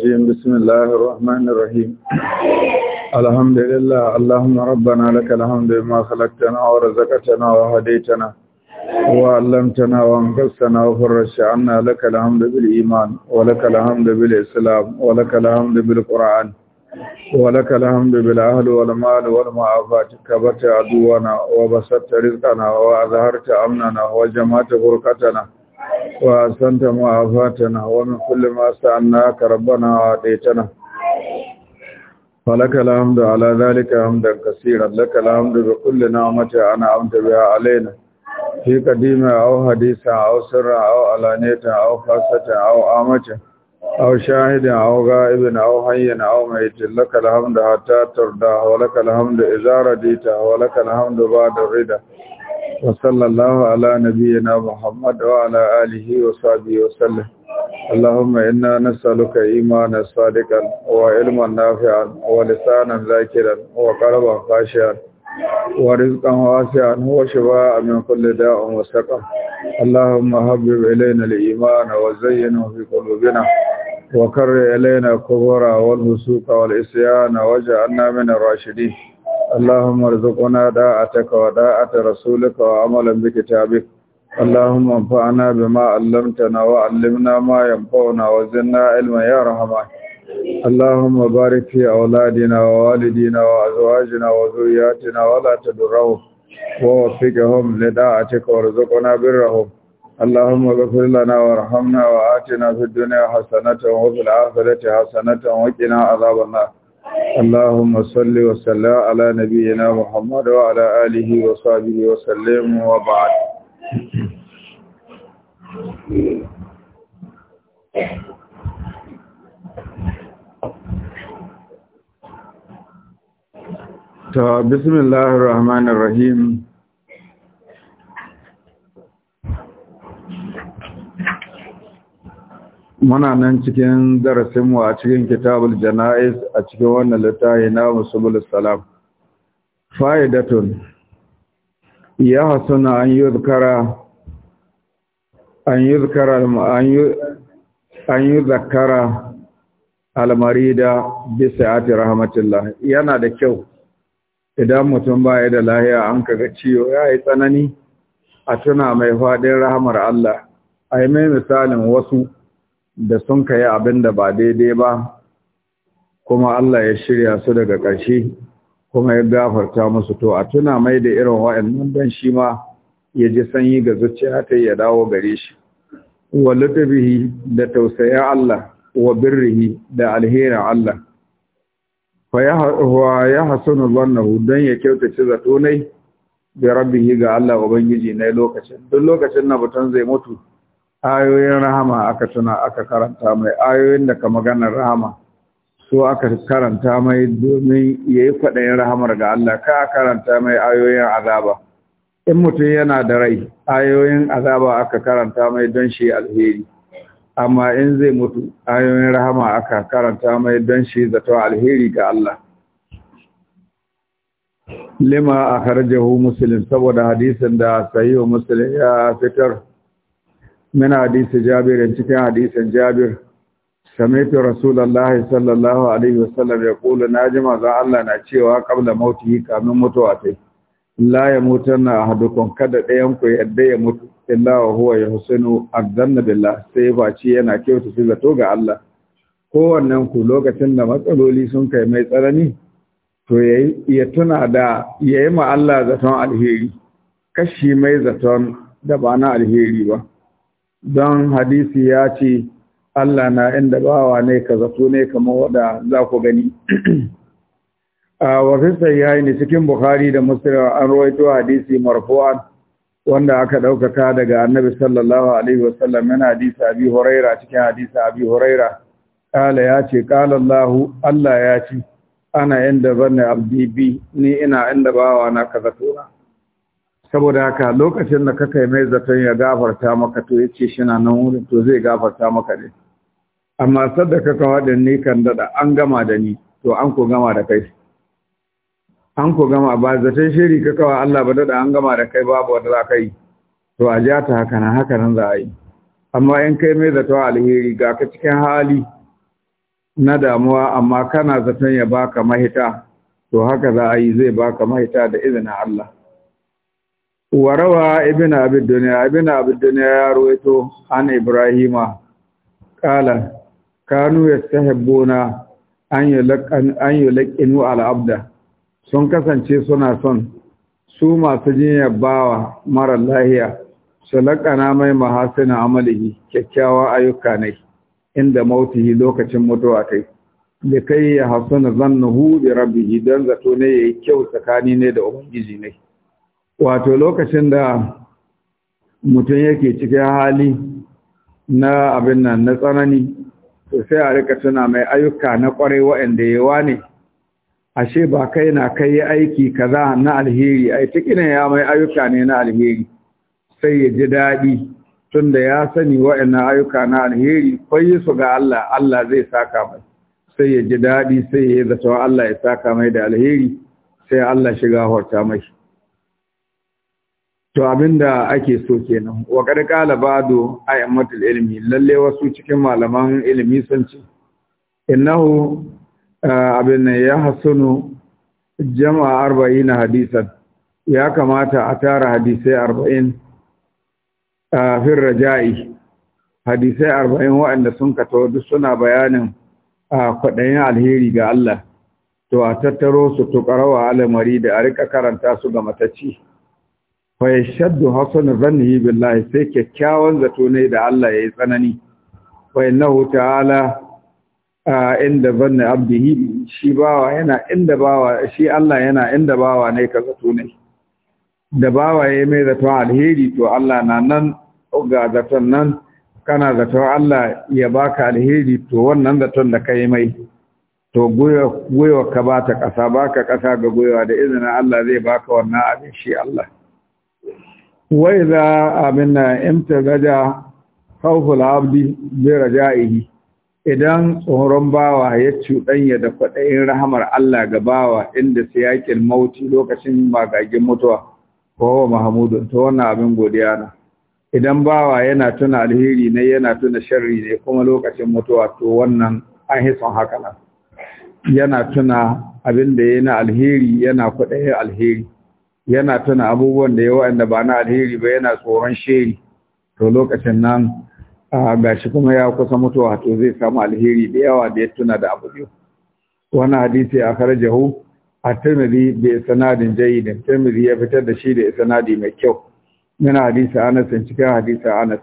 بسم الله الرحمن الرحيم الحمد لله اللهم ربنا لك الحمد ما خلقتنا ورزقتنا وهديتنا وعلمتنا وانقذتنا وفرشتنا عنا لك الحمد بالإيمان ولك الحمد بالإسلام ولك الحمد بالقرآن ولك الحمد بالأهل والمال والمعافات كبرت عدونا وبسطت رزقنا وأظهرت أمننا وجمعت فرقتنا وأسنتم وعفاتنا ومن كل ما سألناك ربنا وأعطيتنا فلك الحمد على ذلك حمدا كثيرا لك الحمد بكل نعمة أنا أنعمت بها علينا في قديمة أو حديثة أو سرة أو علانية أو خاصة أو عامة أو شاهد أو غائب أو حي أو ميت لك الحمد حتى ترده ولك الحمد إذا رضيت ولك الحمد بعد رده وصلى الله على نبينا محمد وعلى آله وصحبه وسلم اللهم إنا نسألك إيمانا صادقا وعلما نافعا ولسانا ذاكرا وقربا خاشعا ورزقا واسعا وشفاء من كل داء وسقا اللهم هبب إلينا الإيمان وزينه في قلوبنا وكرر إلينا الكفر والمسوق والإسيان وجعلنا من الراشدين اللهم ارزقنا داعتك وداعة رسولك وعملا بكتابك اللهم انفعنا بما علمتنا وعلمنا ما ينفعنا وزدنا علما يا رحمن اللهم بارك في أولادنا ووالدينا وأزواجنا وذرياتنا ولا تدرهم ووفقهم لداعتك وارزقنا برهم اللهم اغفر لنا وارحمنا وآتنا في الدنيا حسنة وفي الآخرة حسنة وقنا عذاب النار اللهم صل وسلم على نبينا محمد وعلى اله وصحبه وسلم وبعد بسم الله الرحمن الرحيم muna nan cikin darasinmu a cikin kitabul jana'iz a cikin wannan littafi na musulul salam fa'idatun ya hasuna an zakara an zakara an yuzkara almarida bi sa'ati yana da kyau idan mutum baya da lahiya an kaga ciwo ya yi tsanani a tuna mai faɗin rahamar Allah ai mai misalin wasu da sun kai abin da ba daidai ba kuma Allah ya shirya su daga ƙarshe kuma ya gafarta musu to a tuna mai da irin wa'annan don shi ma ya ji sanyi ga zuciya ta ya dawo gare shi wa lutbihi da tausayin Allah wa birrihi da alherin Allah fa ya hasanu zannahu don ya kyautace zato nai da rabbihi ga Allah ubangiji na lokacin duk lokacin na butan zai mutu ayoyin rahama aka tuna aka karanta mai ayoyin da ka maganar rahama su aka karanta mai domin ya yi kwaɗayin rahamar ga Allah ka karanta mai ayoyin azaba in mutum yana da rai ayoyin azaba aka karanta mai don shi alheri amma in zai mutu ayoyin rahama aka karanta mai don shi zato alheri ga Allah lima a karjahu musulun saboda hadisin da Wa musulun ya fitar min hadisi jabir cikin hadisin jabir سمعت رسول الله صلى الله عليه وسلم يقول ناجم ذا الله na cewa qabla mautihi kamin mutuwa tai la yamutanna ahadukum kada dayan ku yadda ya mutu illa wa huwa yahsinu azanna billah sai baci yana kyautu su zato ga Allah kowannen ku lokacin da matsaloli sun kai mai tsanani ya tuna da yayi ma Allah zaton alheri kashi mai zaton da ba na alheri ba don hadisi ya ce Allah na inda bawa ne ka zato ne kamar wada za ku gani a ya yi ne cikin bukhari da musulun an rawaito hadisi marfu'an wanda aka daukaka daga annabi sallallahu alaihi wasallam yana hadisi abi huraira cikin hadisi abi huraira kala ya ce kala Allah Allah ya ce ana inda banne abdi bi ni ina inda bawa na kaza na. saboda haka lokacin da kakai mai zaton ya gafarta maka to yace na nan wurin to zai gafarta maka ne amma sadda kaka wadin ne kan dada an gama da ni to an ko gama da kai an ko gama ba zaton shiri kaka wa Allah ba dada an gama da kai babu wanda za kai to a ja ta haka nan haka nan za a yi amma in kai mai zato alheri ga ka cikin hali na damuwa amma kana zaton ya baka mahita to haka za a yi zai baka mahita da izinin Allah warawa ibn abid duniya ibn abid duniya ya ruwaito an ibrahima qala kanu yastahibbuna an yulaqan an yulaqinu al abda sun kasance suna son su masu jinyar bawa mara lahiya su laƙana mai mahasina amalihi kyakkyawa ayyuka ne inda mautihi lokacin mutuwa kai da kai ya hasuna zannuhu bi rabbihi dan zato ne yayi kyau tsakani ne da ubangiji ne wato lokacin da mutum yake cikin hali na abin nan na tsanani to sai a rika tuna mai ayyuka na kwarai waanda yawa ne ashe ba kai na kai yi aiki kaza na alheri ai cikin ya mai ayyuka ne na alheri sai ya ji daɗi tunda ya sani waɗannan ayyuka na alheri kwayi su ga Allah Allah zai saka mai sai ya ji daɗi sai ya yi zato Allah ya saka mai da alheri sai Allah shiga horta mai to abinda ake so kenan wa kad qala ba'du ayyamatul ilmi lalle wasu cikin malaman ilimi sun ce innahu abin ya hasunu jama'a 40 hadisan ya kamata a tara hadisai arba'in a fin raja'i hadisai arba'in waɗanda sun kato duk suna bayanin a kwaɗayin alheri ga Allah to a tattaro su tukarawa alamari da a rika karanta su ga matacci fa shaddu hasanu zannihi billahi sai kyakkyawan zato ne da Allah yayi tsanani fa innahu ta'ala inda zanni abdihi shi bawa yana inda bawa shi Allah yana inda bawa ne ka zato ne da bawa yayi mai zato alheri to Allah na nan ga zaton nan kana zato Allah ya baka alheri to wannan zaton da kai mai to gwiwa ka ba ta ƙasa ba ka ƙasa ga gwiwa da izinin Allah zai baka wannan abin shi Allah wai za abin na imta gaja hauful abdi bi idan tsoron bawa ya cuɗanya da kwaɗayin rahamar Allah ga bawa inda siyakin mauti lokacin magagin mutuwa kowa Mahamudu ta wannan abin godiya na idan bawa yana tuna alheri ne yana tuna sharri ne kuma lokacin mutuwa to wannan an son haka nan yana tuna abin da yana alheri yana kwaɗayin alheri yana tuna abubuwan da yawa inda ba na alheri ba yana tsoron sheri to lokacin nan shi kuma ya kusa mutuwa to zai samu alheri da yawa da ya tuna da abu biyu wani hadisi a karjahu a tirmidhi bi sanadin jayyidin tirmidhi ya fitar da shi da sanadi mai kyau yana hadisi anas cikin hadisi anas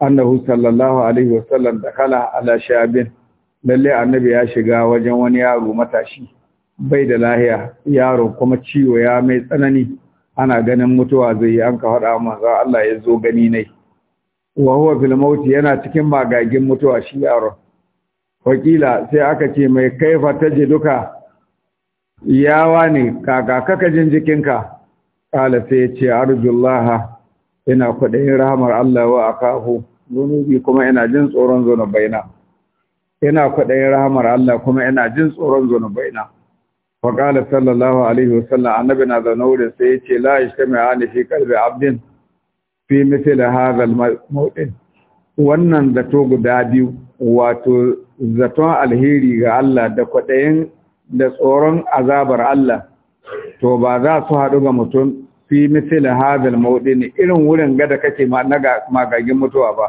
annahu sallallahu alaihi wasallam dakala ala shabin lalle annabi ya shiga wajen wani yaro matashi bai da lahiya yaro kuma ciwo ya mai tsanani ana ganin mutuwa zai yi an ka faɗa za Allah ya zo gani nai wa huwa fil mauti yana cikin magagin mutuwa shi yaro wakila sai aka ce mai kaifa taje duka yawa ne kaka kaka jin jikinka kala sai ya ce arjullah ina kwaɗayin rahamar Allah wa akahu zunubi kuma ina jin tsoron baina ina kwaɗayin rahamar Allah kuma ina jin tsoron baina wa sallallahu alaihi wasallam annabi na zaune wurin sai yace ce la yajtami'ani fi qalbi abdin fi wannan zato guda biyu wato zaton alheri ga Allah da kwaɗayin da tsoron azabar Allah to ba za su haɗu ga mutum fi misali hazal mauɗi irin wurin gada kake magagin mutuwa ba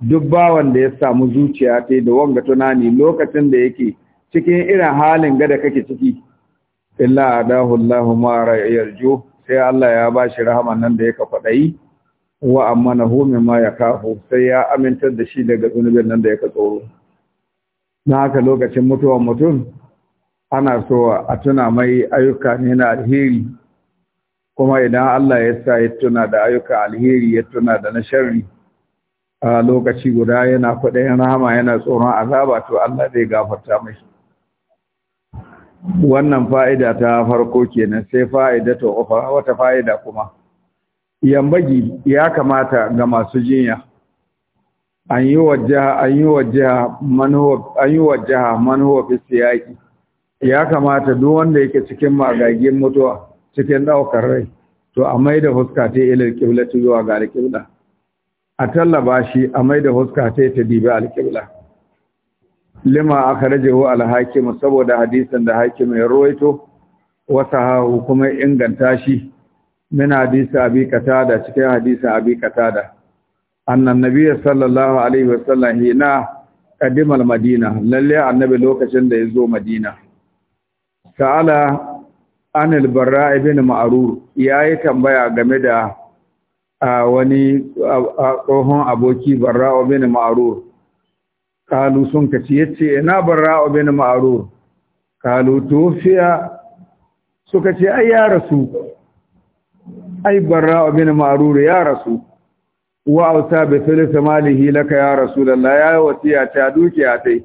duk bawan da ya samu zuciya ta da wanga tunani lokacin da yake cikin irin halin gada kake ciki illa adahu Allahu ma yarju sai Allah ya bashi rahaman nan da yake fadai, wa amanahu mimma yakahu sai ya amintar da shi daga zunubin nan da yake tsoro na haka lokacin mutuwar mutum ana so a tuna mai ayyuka ne na alheri kuma idan Allah ya sa ya tuna da ayyuka alheri ya tuna da na sharri a lokaci guda yana kwaɗayin rahama yana tsoron azaba to Allah zai gafarta mai wannan fa'ida ta farko kenan sai fa'ida ta ofa wata fa'ida kuma yambagi ya kamata ga masu jinya an yi wajja an siyaki ya kamata duk wanda yake cikin magagin mutuwa cikin ɗaukar rai to a maida huska ta yi ilil zuwa ga alƙibla a tallaba shi a maida huska ta ta dibi alƙibla lima akhrajahu al-hakim saboda hadisan da hakim ya ruwaito wa sahahu kuma inganta shi min abi cikin hadisin abi katada, annan nabiyyi sallallahu alaihi wasallam hina qadima madina lalle annabi lokacin da yazo madina Sa'ala anil barra ibn ma'rur yayi tambaya game da wani tsohon aboki barra ibn ma'rur kalu sun kace yace ina barra'u bin ma'rur kalu tufiya suka ce ai ya rasu ai barra'u bin ma'rur ya rasu wa auta bi thuluth malihi laka ya rasulullah ya wasiya ta dukiya tai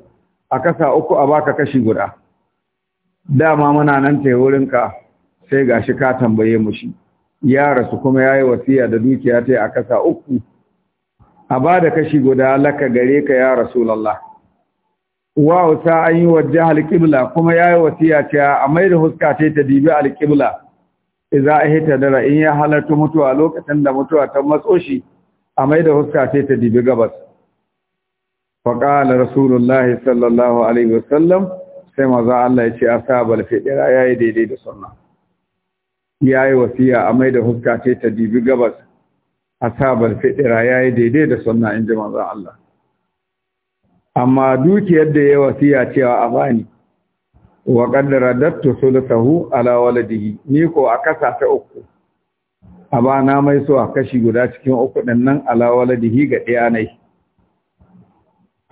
a kasa uku a baka kashi guda dama muna nan tai ka, sai gashi ka tambaye mu shi ya rasu kuma yayi wasiya da dukiya tai a kasa uku a ba da kashi guda laka gare ka ya rasulallah wa ta an yi wajen alƙibla kuma ya yi wasiya cewa a mai da huska ce ta dibi alƙibla Za a hita dara in ya halarta mutuwa lokacin da mutuwa ta matso shi a mai da huska ce ta dibi gabas faƙala rasulullah sallallahu alaihi wasallam sai maza Allah ya ce a sa fiɗira ya yi daidai da sunna ya yi wasiya a mai da huska ce ta dibi gabas asabar fitira yi daidai da sunna in ji manzon Allah amma dukiyar da ya wasiya cewa a bani wa qaddara dattu sulatahu ala waladihi ni ko a kasa ta uku a ba na mai so a kashi guda cikin uku din nan ala waladihi ga ɗaya ne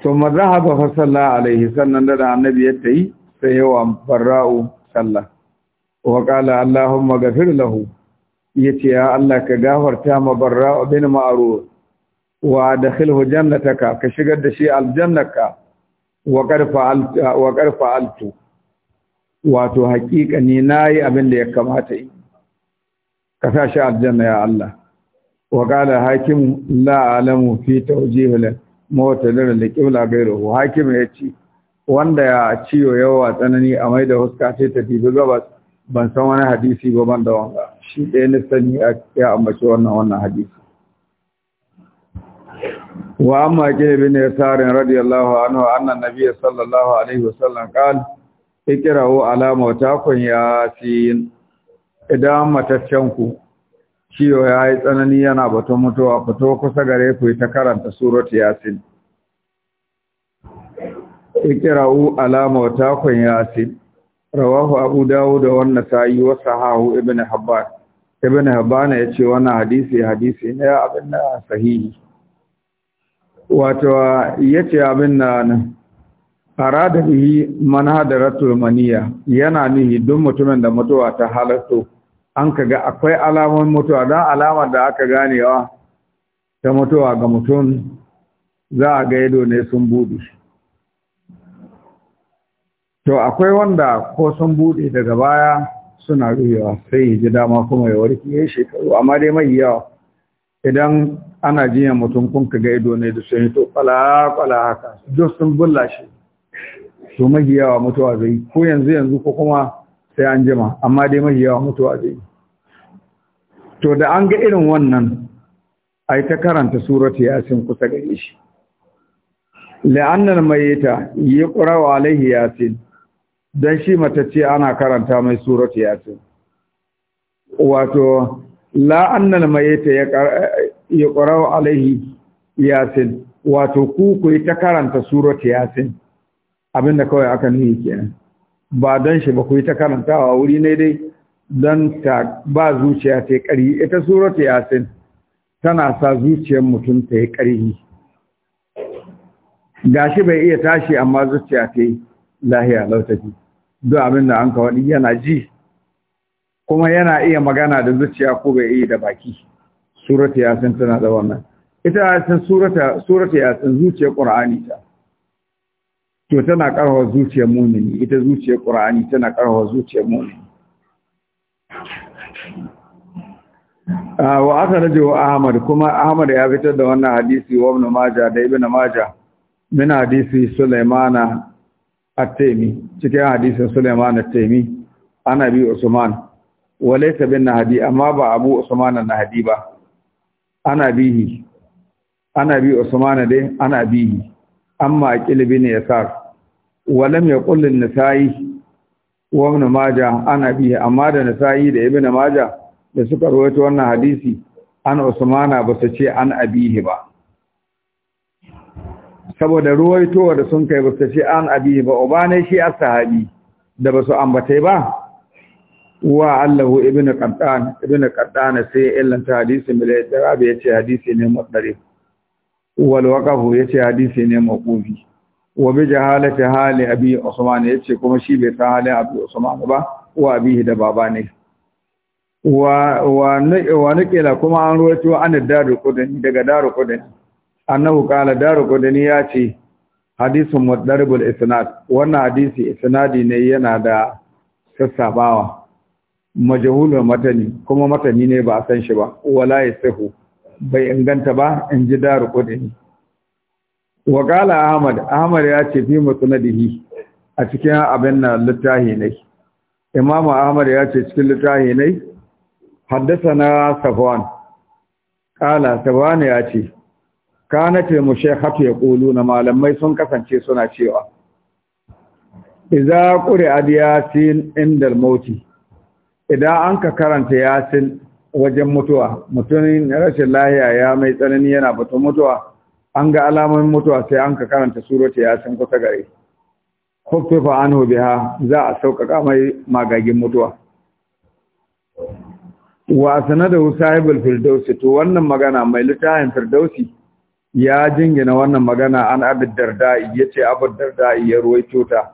thumma dhahaba fa salla alaihi sannan da annabi ya yi sai yawa barra'u sallah wa qala allahumma ghafir lahu ya ce ya Allah ka gafarta ma barra bin ma'aru wa dakhilhu jannataka ka shigar da shi aljannaka wa karfa altu wato haƙiƙa ni nayi abin da ya kamata yi ka sa shi aljanna ya Allah wa qala hakim la alamu fi tawjih al mawtalin li qibla ghayruhu hakim yace wanda ya ciyo yawa tsanani a mai da huska sai ta dibi gabas ban san wani hadisi ba ban da wanga shi ɗaya na sani a ya ambaci wannan wannan hadisi wa amma ke bin tarin? radiyallahu anhu annan Nabiya sallallahu alaihi wasallam qal ikrahu ala mawtakum yasin idan mataccen ku ciwo yayi tsanani yana batun mutuwa fito kusa gare ku ta karanta suratu yasin ikrahu ala mawtakum yasin rawahu abu dawud wa ta yi wa sahahu ibn hibban ibn ya ce wannan hadisi hadisi ne abin na sahihi wato yace abin nan arada bihi man maniya yana nihi duk mutumin da mutuwa ta halatto an kaga akwai alamun mutuwa dan alamar da aka ganewa ta mutuwa ga mutum za a ga ido ne sun buɗe to akwai wanda ko sun bude daga baya suna ruhewa sai ya ji dama kuma ya warke ya shekaru amma dai mai yawa idan ana jiyan mutum kun ka ga ido ne da sun to kwala kwala haka duk sun bulla shi to mai yawa mutuwa zai ko yanzu yanzu ko kuma sai an jima amma dai mai yawa mutuwa zai to da an ga irin wannan ai ta karanta surati yasin kusa gare shi la'annal mayyita yaqra'u alaihi yasin don shi matacce ana karanta mai suratu yasin wato la annal ta yi alaihi yasin wato ku ku yi ta karanta suratu yasin abinda kawai aka yi kenan ba don shi ba ku yi ta karantawa wuri ne dai don ta ba zuciya ta yi ƙari ita suratu yasin tana sa zuciyar mutum ta yi ƙari gashi bai iya tashi amma zuciya ta yi lahiya lautaji duk abin da an wani yana ji kuma yana iya magana da zuciya ko bai iya da baki surata yasin tana da wannan ita yasin surata surata yasin zuciyar qur'ani ta to tana karawa zuciyar mumini ita zuciyar qur'ani tana karawa zuciyar mumini wa aka rajo Ahmad kuma Ahmad ya fitar da wannan hadisi wa Ibn Majah da Ibn Majah min hadisi Sulaimana at-Taymi cikin hadisin Sulaiman at-Taymi ana bi Usman walaysa bin Nahdi amma ba Abu Usman an-Nahdi ba ana bihi ana bi Usman dai ana bihi amma aqil bin Yasar walam yaqul an-Nasa'i wa Ibn Majah ana bihi amma da Nasa'i da Ibn Majah da suka rawaito wannan hadisi an Usmana ba su ce an abihi ba saboda ruwaitowa da sun kai basu ce an abi ba ubane shi as-sahabi da basu ambata ba wa Allahu ibnu qattan ibnu qattan sai ta hadisi mil idrabi yace hadisi ne mudarif wal waqahu yace hadisi ne maqufi wa bi jahalati hali abi usman yace kuma shi bai san hali abi usman ba wa abihi da baba ne wa wa wa kuma an ruwaito an daru kudin daga daru kudin annahu qala daru qudni ya ce hadisun mudaribul isnad wannan hadisi isnadi ne yana da sassabawa majhulul matani kuma matani ne ba a san shi ba wala yasihu bai inganta ba in ji daru qudni wa qala ahmad ahmad ya ce fi musnadihi a cikin abin na littahi ne imam ahmad ya ce cikin littahi ne حدثنا صفوان قال ya ce? ya kulu yaquluna malamai sun kasance suna cewa idza quri'a yasin indal mauti idan an ka karanta yasin wajen mutuwa mutumin rashin lahiya ya mai tsanani yana batun mutuwa an ga alamomin mutuwa sai an ka karanta surata yasin kusa gare khuffifa anhu biha za a sauƙaƙa mai magagin mutuwa wa sanadu sahibul firdausi to wannan magana mai littafin firdausi ya jingina wannan magana an abu darda'i ya ce abu darda'i ya ruwai ta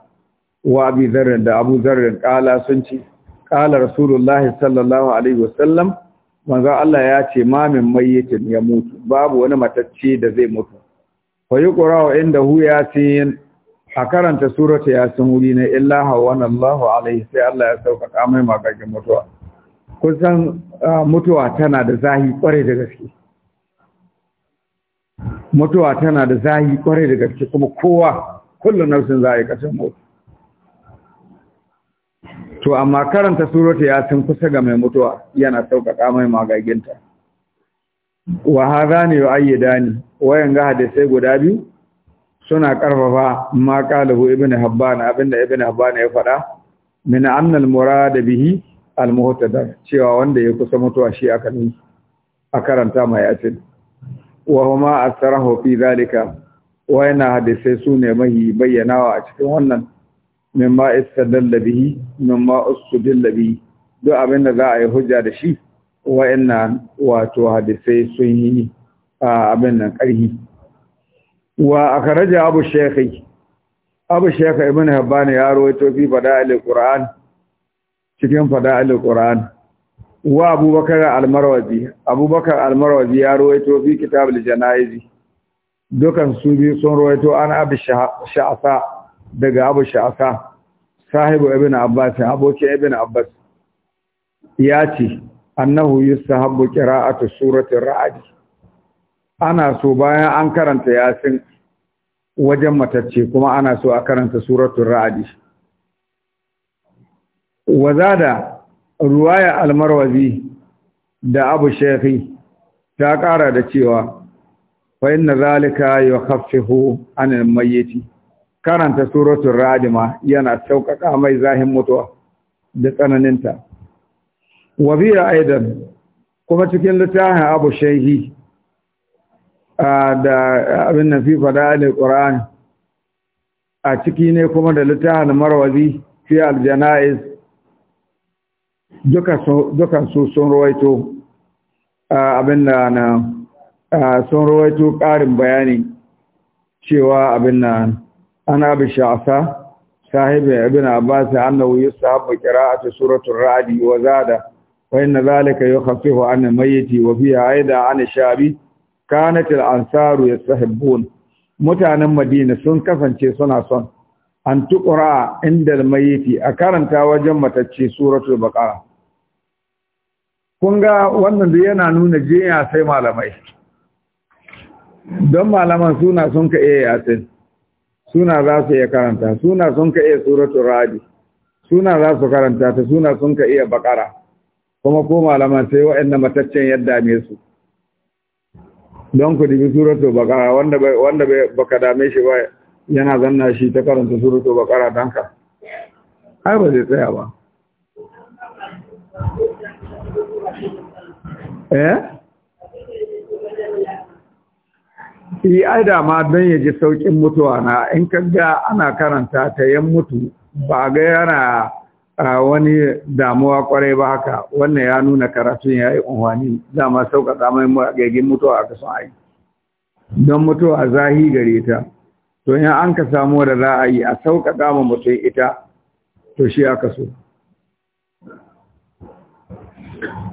wa abu zarrin da abu zarrin kala sun ce kala rasulullah sallallahu alaihi wasallam manzo Allah ya ce mamin mayyitin ya mutu babu wani matacce da zai mutu fa yuqra'u inda hu ya ce a karanta surata yasin wuri na illa hawana Allahu alaihi sai Allah ya sauƙaƙa ma magagin mutuwa kusan ah, mutuwa tana da zahi kware da gaske mutuwa tana da zahi kwarai da gaske kuma kowa kullum nafsin za a yi ƙasar mutu to amma karanta surata ya sun kusa ga mai mutuwa yana sauƙaƙa mai magaginta wa haza ne wa ayyada dani, wayan ga hadisai guda biyu suna karfafa ma ƙalahu ibn habban abinda ibn Habbana ya faɗa min annal murada bihi al muhtadar cewa wanda ya kusa mutuwa shi aka a karanta mai acin wa huma asrahu fi zalika wa na hadisai su ne mahi bayyanawa a cikin wannan mimma istadalla bihi mimma ustudilla bihi duk abin da za a yi hujja da shi wa na wato hadisai sun yi abin nan karhi wa akaraja abu shaykhi abu shaykh ibn habban ya rawaito fi fada'il qur'an cikin fada'il qur'an wa abubakar almarwazi abubakar almarwazi ya ruwaito fi kitabul janayizi dukan su biyu sun ruwaito an abu sha'asa daga abu sha'asa sahibu ibn abbas abokin ibn abbas ya ce annahu yusahabu qira'atu suratul ra'd ana so bayan an karanta yasin wajen matacce kuma ana so a karanta suratul ra'd wazada ruwaya almarwazi da abu shekhi ta ƙara da cewa fa inna zalika yukhaffifu an mayyiti karanta suratul radima yana sauƙaƙa mai zahin mutuwa da tsananinta wa biya aidan kuma cikin littafin abu da abin nan fi fada'il a ciki ne kuma da littafin marwazi fi aljana'iz dukansu sun rawaito abin da na sun rawaito ƙarin bayani cewa abin da ana abu sha'asa sahibi abin abbas annahu yusahabu qira'atu suratul ra'd wa zada wa inna zalika yukhaffifu 'an al wa fiha 'an shabi kanat al mutanen madina sun kasance suna son an tuqra inda al a karanta wajen matacce suratul baqara kun ga wannan da yana nuna jinya sai malamai don malaman suna sun ka iya yasin suna za su iya karanta suna sun ka iya suratun radi suna za su karanta ta suna sun ka iya bakara kuma ko malaman sai waɗanda mataccen yadda dame su don ku dubi suratun bakara wanda wanda baka dame shi ba yana zanna shi ta karanta suratun bakara danka ai ba zai tsaya ba eh yi ai da ma don ya ji sauƙin mutuwa na in kaga ana karanta ta yan mutu ba ga yana wani damuwa kwarai ba haka wannan ya nuna karatun ya yi unwani dama sauƙaƙa mai magagin mutuwa aka son ai don mutuwa zahi gare ta to in an ka samu da za a yi a sauƙaƙa ma mutum ita to shi aka so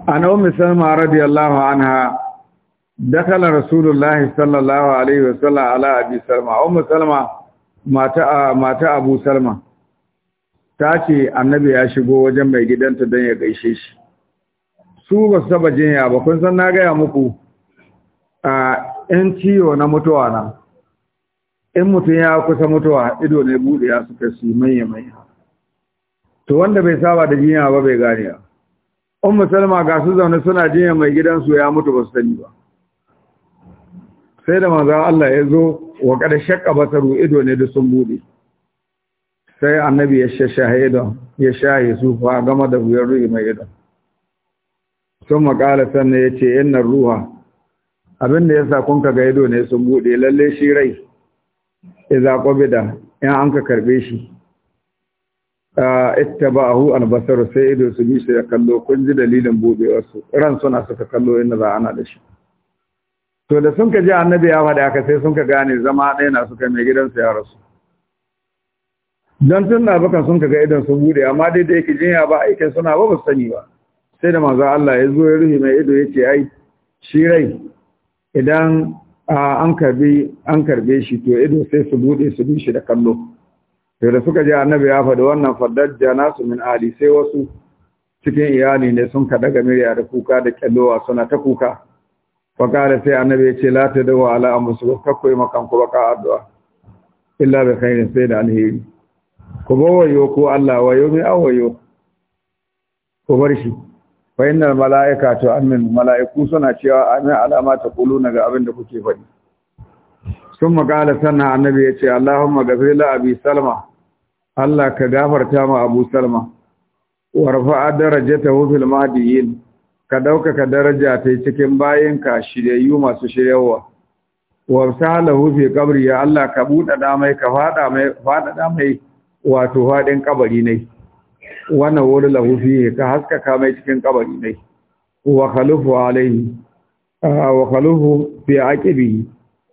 an ummi salma radiyallahu anha dakala rasulullahi sallallahu alaihi wasallam ala abi salma ummi salma mata mata abu salma ta ce annabi ya shigo wajen mai gidanta don ya gaishe shi su ba su saba jinya ba kun san na gaya muku a ciwo na mutuwa in mutum ya kusa mutuwa ido ne buɗe ya suka su manya manya to wanda bai saba da jinya ba bai gane ba ummu Musulma ga su zaune suna jinya mai gidansu ya mutu ba su sani ba sai da maza Allah ya zo wa kada shakka basaru ido ne da sun bude sai annabi ya shashahe idon ya shahe su fa gama da wuyar ruhi mai idon sun makala sannan ya ce ruwa. Abin da ya sa kun ga ido ne sun bude lalle shi rai iza kwabida in an ka karbe shi ittaba'ahu al-basar sai ido su bi shi da kallo kun ji dalilin bude su ran suna suka kallo inda za ana da shi to da sun ka ji annabi ya faɗa aka sai sun ka gane zama ɗaya na suka mai gidan gidansu ya rasu don tun na sun ka ga idan sun bude amma dai da yake jinya ba aikin suna ba ba sani ba sai da manzo Allah ya zo ya ruhi mai ido ya ce ai shi rai idan an karbe shi to ido sai su bude su bi shi da kallo sai da suka ji annabi ya faɗi wannan faddajja nasu min ali sai wasu cikin iyali ne sun kaɗa ga murya da kuka da kyallowa suna ta kuka faƙara sai annabi ya ce la ta dawa ala amsu kakko yi makan ku baka addu'a illa kai ne sai da alheri ku wa'yo ko Allah wayo mai awayo ku bar shi fa inna malaika to amin malaiku suna cewa amin alama ta na ga abin da kuke faɗi sun قال sannan annabi ya ce Allahumma gafir la abi salma Allah ka gafarta ma Abu Salma rafa'a darajatahu fil mahdiyin ka ɗaukaka daraja ta cikin ka shiryayyu masu shiryawa wa salahu fi qabri ya Allah ka buɗa da mai ka fada mai fada mai wato fadin kabari ne wannan wuri lahu fi ka haskaka mai cikin kabari ne wa khalufu alaihi wa khalufu fi aqibi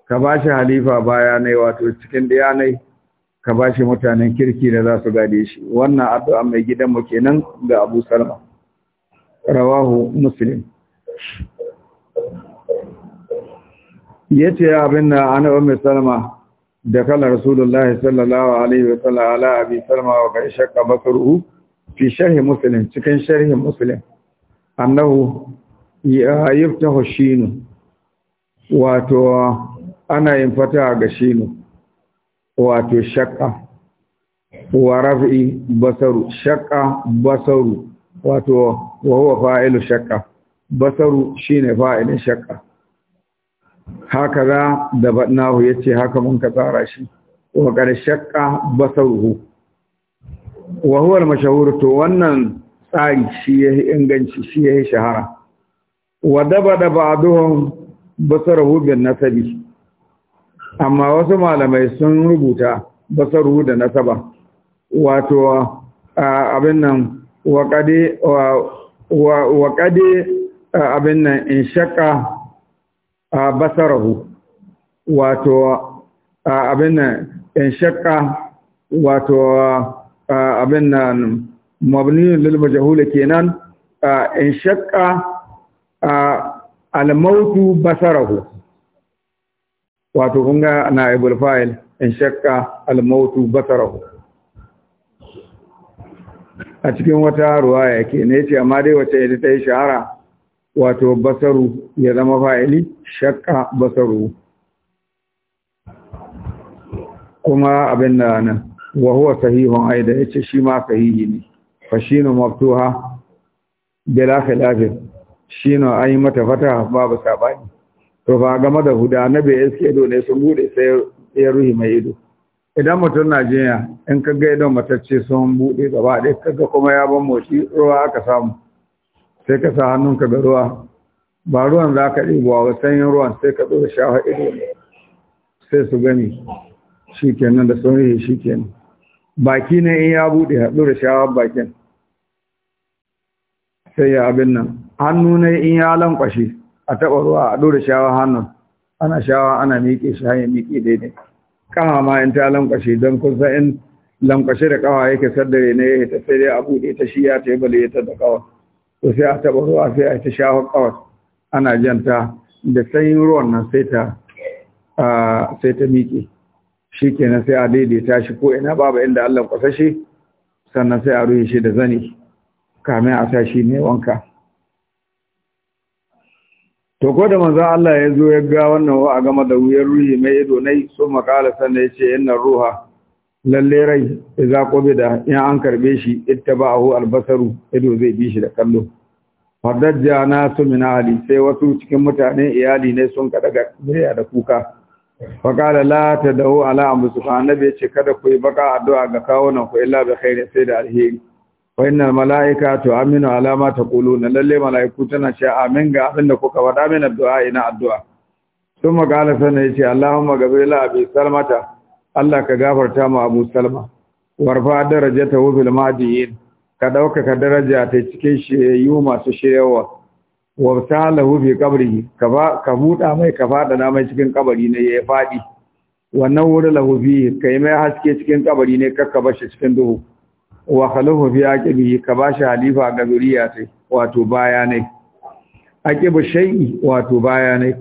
ka bashi halifa baya ne wato cikin diyanai ka ba shi mutanen kirki da za su gade shi wannan addu'a mai gidanmu kenan ga abu salma rawahu muslim ya ce abin da ana umar salma da kala rasulullahi sallallahu alaihi wa sallam ala abi salma wa kai shakka bakru fi sharhi muslim cikin sharhi muslim annahu yaftahu shinu wato ana yin fata ga shinu wato shakka wa raf'i basaru shakka basaru wato wa huwa fa'ilu shakka basaru shine fa'ilin shakka haka za da badnahu yace haka mun ka tsara shi wa kar shakka basaruhu wa huwa al-mashhur to wannan tsari shi yayi inganci shi yayi shahara wa daba da ba'duhum basaru bin nasabi amma wasu malamai sun rubuta basaru da nasaba wato abin nan wa kade abin nan in shakka basarahu wato abin nan in shaka wato abin nan mabniyun lil majhul kenan in shaka al-mautu basarahu wato kun ga ibul fa'il in shakka al-mautu basarahu a cikin wata ruwaya yake ne ce amma dai wace ita ta yi shahara wato basaru ya zama fa'ili shakka basaru kuma abin da nan wa huwa sahihun aida yace shi ma sahihi ne fa shinu mabtuha bila khilafin ne ayi mata fata babu sabani to ba game da huda na bai iske ido ne sun bude sai ya ruhi mai ido idan mutum na jinya in ka ga idon matacce sun bude gaba ɗaya kaga kuma ya ban motsi ruwa aka samu sai ka sa hannunka ga ruwa ba ruwan za ka ɗibuwa ba sanyin ruwan sai ka ɗora shafa ido ne sai su gani shi kenan da sun rihe shi kenan baki ne in ya bude haɗu da shawar bakin sai ya abin nan hannu ne in ya lankwashe a taɓa ruwa a ɗora shawa hannun ana shawa ana miƙe shi hanyar miƙe daidai kama ma in ta lankwashe don kun in lankwashe da kawa yake saddare ne ya ta sai dai a buɗe ta shi ya ta yi ta da kawa to sai a taɓa ruwa sai a ta shawar kawar ana janta da sanyin ruwan nan sai ta sai ta miƙe shi kenan sai a daidaita shi ko ina babu inda an Allah shi sannan sai a ruhe shi da zani kamin a sa shi ne wanka to ko da manzo Allah ya zo ya ga wannan wa a game da wuyar ruhi mai ido nai so makala sannan ya ce inna ruha lalle rai idza qubida in an karbe shi ittaba'ahu albasaru ido zai bi shi da kallo fadajja nasu min ali sai wasu cikin mutane iyali ne sun kada ga murya da kuka faqala la tadau ala amsuka annabi ya ce kada ku yi baka addu'a ga kawunan ku illa bi khairi sai da alheri wa innal mala'ika alama ta ma na lalle mala'iku tana ce amin ga abin da kuka wada min addu'a ina addu'a Sun magana sana yace allahumma gabir abi salmata allah ka gafarta mu abu salma warfa darajatahu fil madiyin ka ɗaukaka daraja ta cikin shiyayyu masu shiryawa wa talahu fi ka buɗa mai ka faɗaɗa mai cikin kabari ne ya faɗi wannan wurin lahu fi kai mai haske cikin kabari ne kakka bashi cikin duhu wa khalahu fi aqibi ka bashi halifa ga zuriya sai wato baya ne aqibu shay'i wato baya ne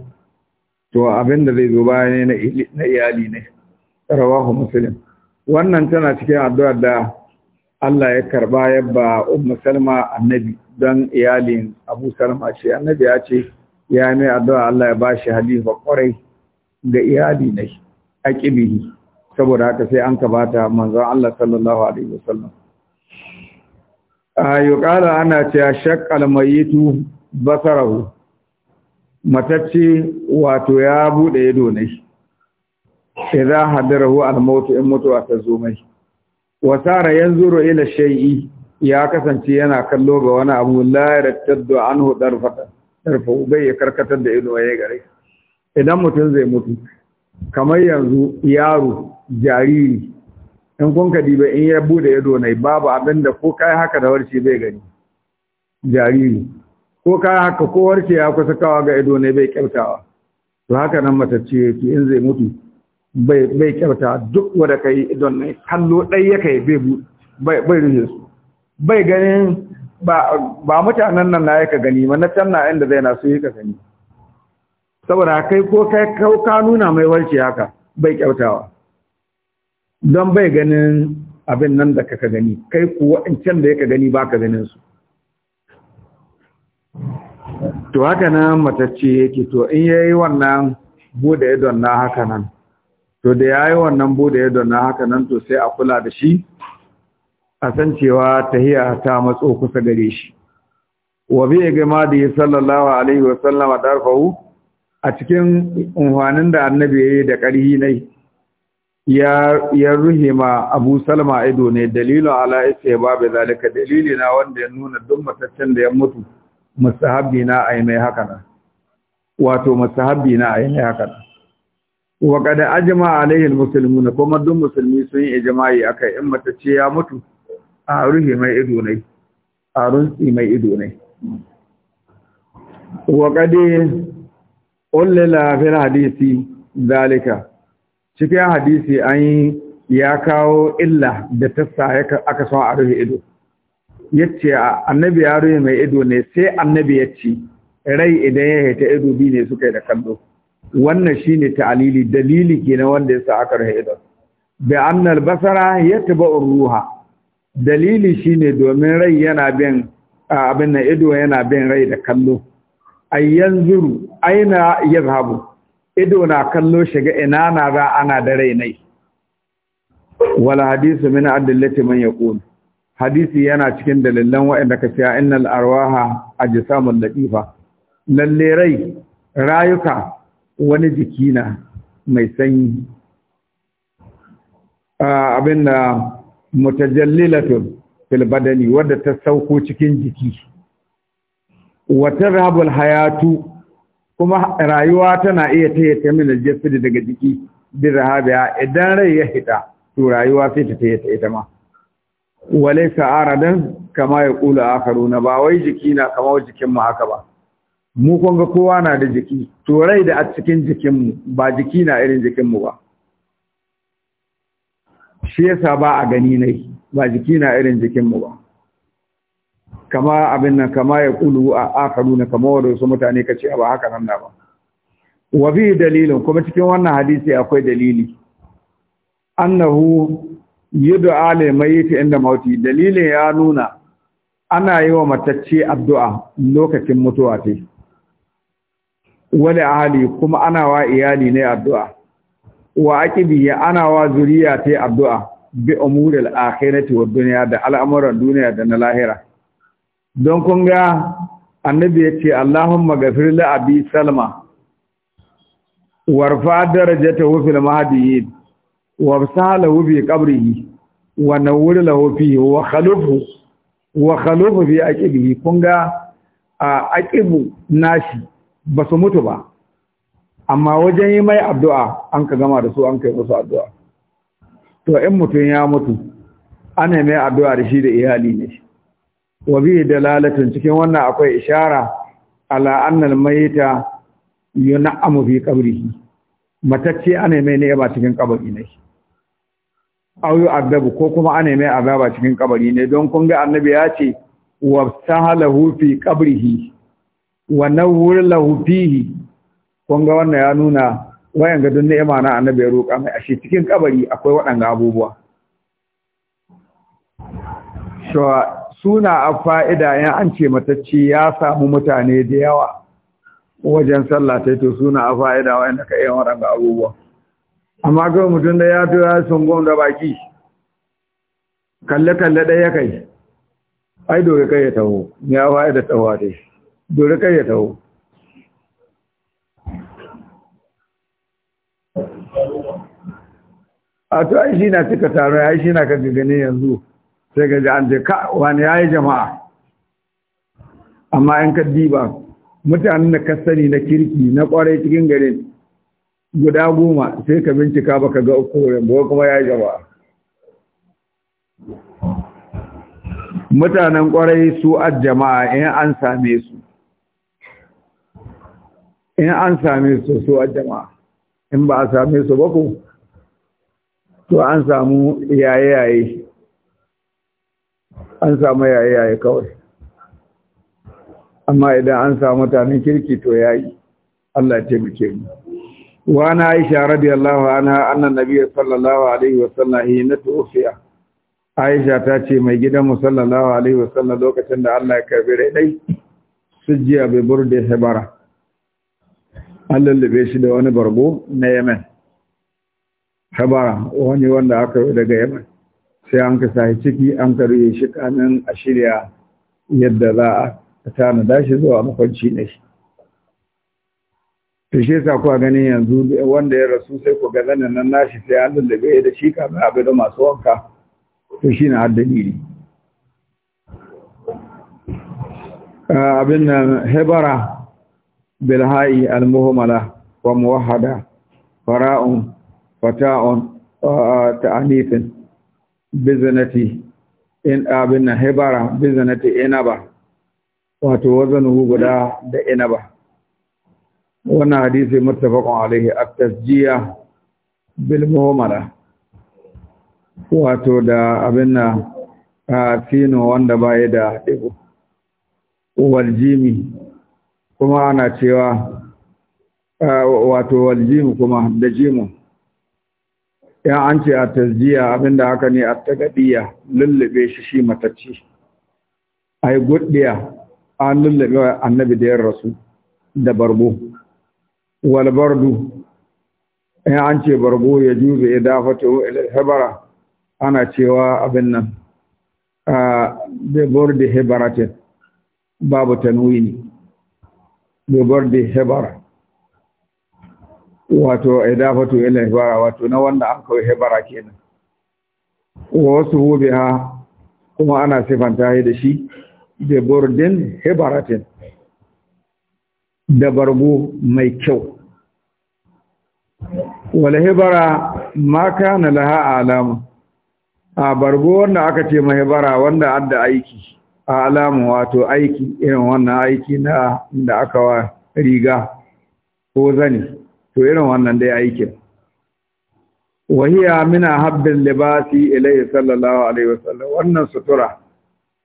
to abinda zai zo baya ne na iyali ne rawahu muslim wannan tana cikin addu'ar da Allah ya karba yabba ummu salma annabi dan iyalin abu salma ce annabi ya ce ya mai addu'a Allah ya bashi halifa kwarai ga iyali ne aqibihi saboda haka sai an kabata manzon Allah sallallahu alaihi wasallam Ah, a yi ana ce a shakkal mayitu basarahu matacce wato ya buɗe ido ne idan hadarahu almautu in mutuwa ta zo mai wasara yanzuru ila shay'i ya kasance yana kallo ga wani abu la yartaddu anhu darfata darfa bai ya karkatar da ido ya gare idan mutum zai mutu kamar yanzu yaro jariri in kun ka diba in ya bude ido nai babu abin da ko kai haka da warce bai gani jariri ko kai haka ko warce ya kusa kawa ga ido ne bai kyautawa to haka nan matacce yake in zai mutu bai bai kyauta duk wanda kai idon nai kallo dai yake bai bai bai rinje su bai ganin ba ba mutanen nan na yake gani ma na can na inda zai na su yake gani saboda kai ko kai ka nuna mai warce haka bai kyautawa don bai ganin abin nan da kaka gani kai kuwa in can da yaka gani ba ka ganin su to haka nan matacce yake to in ya yi wannan bude idon na haka nan to da ya yi wannan bude idon na haka nan to sai a kula da shi a san cewa tahiya ta matso kusa gare shi wa bi ya sallallahu alaihi wa sallama darfahu a cikin unhwanin da annabi yi da ƙarhi nai ya ruhe ma abu salma ido ne dalilin ala ita ba bai zalika dalili na wanda ya nuna duk mataccen da ya mutu musahabi na a yi mai hakana wato musahabi na a yi mai hakana wa kada ajma alaihi na kuma duk musulmi sun yi a akai in matacce ya mutu a ruhe mai ido ne a runtsi mai ido ne wa kada ƙullila fil hadisi zalika cikin hadisi an ya kawo illa da tassa aka son a rufe ido yace annabi ya rufe mai ido ne sai annabi ya ce rai idan ya haita ido biyu ne suka yi da kallo wannan shine ta'alili dalili ke na wanda ya sa aka rufe ido bi annal basara taba ruha dalili shine domin rai yana bin abin na ido yana bin rai da kallo ayyanzuru aina yazhabu ido na kallo shiga ina na za ana da rainai wala hadisu min adillati man yaqul hadisi yana cikin dalilan waɗanda ka ce innal arwaha ajsamul latifa lalle rai rayuka wani jiki na mai sanyi abinda mutajallilatun fil badani wadda ta sauko cikin jiki wa tarhabul hayatu kuma rayuwa tana iya taya ta min aljasad daga jiki bi rahabiya idan rai ya hita to rayuwa sai ta taya ta ita ma walaysa aradan kama ya kula akharuna ba wai jiki na kama jikin mu haka ba mu kun ga kowa na da jiki to rai da a cikin jikin mu ba jiki na irin jikin mu ba shi yasa ba a gani nai ba jiki na irin jikin mu ba kama abin nan kama ya kulu a na kama wa wasu mutane kace ba haka nan na ba wa bi dalilin kuma cikin wannan hadisi akwai dalili annahu yud'a lil mayyit inda mauti dalilin ya nuna ana yi wa matacce addu'a lokacin mutuwa ce wani ahali kuma ana wa iyali ne addu'a wa aqibi ana wa zuriya ta addu'a bi umuril akhirati wa dunya da al'amuran duniya da na lahira don kun ga annabi ya ce Allahumma gafir li abi salma warfa daraja fil mahdiyyin wabsalahu bi qabrihi wa nawwir lahu fihi wa khalufu wa khalufu bi aqibihi kun ga aqibu nashi ba su mutu ba amma wajen yi mai addu'a an ka gama da su an kai musu addu'a to in mutum ya mutu ana mai addu'a da shi da iyali ne shi wa bi dalalatun cikin wannan akwai ishara ala annal mayita yun'amu fi qabrihi matacce ana mai ba cikin kabari ne aw yu'adabu ko kuma ana mai azaba cikin kabari ne don kun ga annabi ya ce wa sahalahu fi qabrihi wa nawwara lahu fihi kun ga wannan ya nuna wayan ga dunne Imana annabi ya roƙa mai ashe cikin kabari akwai waɗanga abubuwa shawa suna a fa'ida yan an ce matacci ya samu mutane da yawa wajen sallah ta to suna a fa'ida wa'anda ka iya waɗanda abubuwa amma ga mutum da ya tura ya sungon da baki kalle-kalle ɗaya kai ai dore kai ya taho ya fa'ida tawa dai dore kai ya taho a to ai shi na cika taron ai shi na kan gani yanzu sai ga ji an je ka wani yi jama'a amma in ka diba mutanen da ka sani na kirki na kwarai cikin gari guda goma sai ka bincika baka ga uku ba kuma ya yi jama'a mutanen kwarai su a jama'a in an same su in an same su su a jama'a in ba a same su ba ku to an samu yaye-yaye an samu yaye-yaye kawai amma idan an samu mutanen kirki to yayi Allah ya taimake mu wa ana Aisha radiyallahu anha annan nabiyyi sallallahu alaihi wasallam hina tufiya Aisha ta ce mai gidan mu sallallahu alaihi wasallam lokacin da Allah ya karbi rai dai sujjiya bai burde hibara an lullube shi da wani bargo na Yemen habara wani wanda aka yi daga Yemen sai an ka sahi ciki an ka shi kamin a shirya yadda za a tanada shi zuwa makwanci na shi Ta shi sa kuwa ganin yanzu wanda ya rasu sai ku ga zanen nan nashi sai an lullube da shi kamin abu da masu wanka to shi na addalili abin nan hebara bilha'i almuhammala wa muwahada fara'un fata'un ta'anifin Bizanati in abin na hebara bizinati inaba wato wazanuhu guda da inaba wannan hadisi muttafaqun alaihi at-tasjiya bil muhammara wato da abin na fino wanda baya da Wal waljimi kuma ana cewa wato waljimi kuma da jimu ya an ce a tasdiya abinda haka ne a tagadiya lullube shi shi matacci yi guddiya an lullube annabi da yin rasu da bargo walbardu ya an ce bargo ya jube ya dafatu ila habara ana cewa abin nan a da bordi hebaratin babu tanwini da bordi wato idafatu ila ibara wato na wanda an kawai ibara kenan wa wasu ha kuma ana sifanta shi da shi da burdin ibaratin da bargo mai kyau wala ibara ma kana laha alamu? a bargo wanda aka ce mai ibara wanda adda aiki a alamu wato aiki irin wannan aiki na da aka wa riga ko zani to irin wannan dai aikin wahiya mina habbin libasi ilayhi sallallahu alaihi wasallam wannan sutura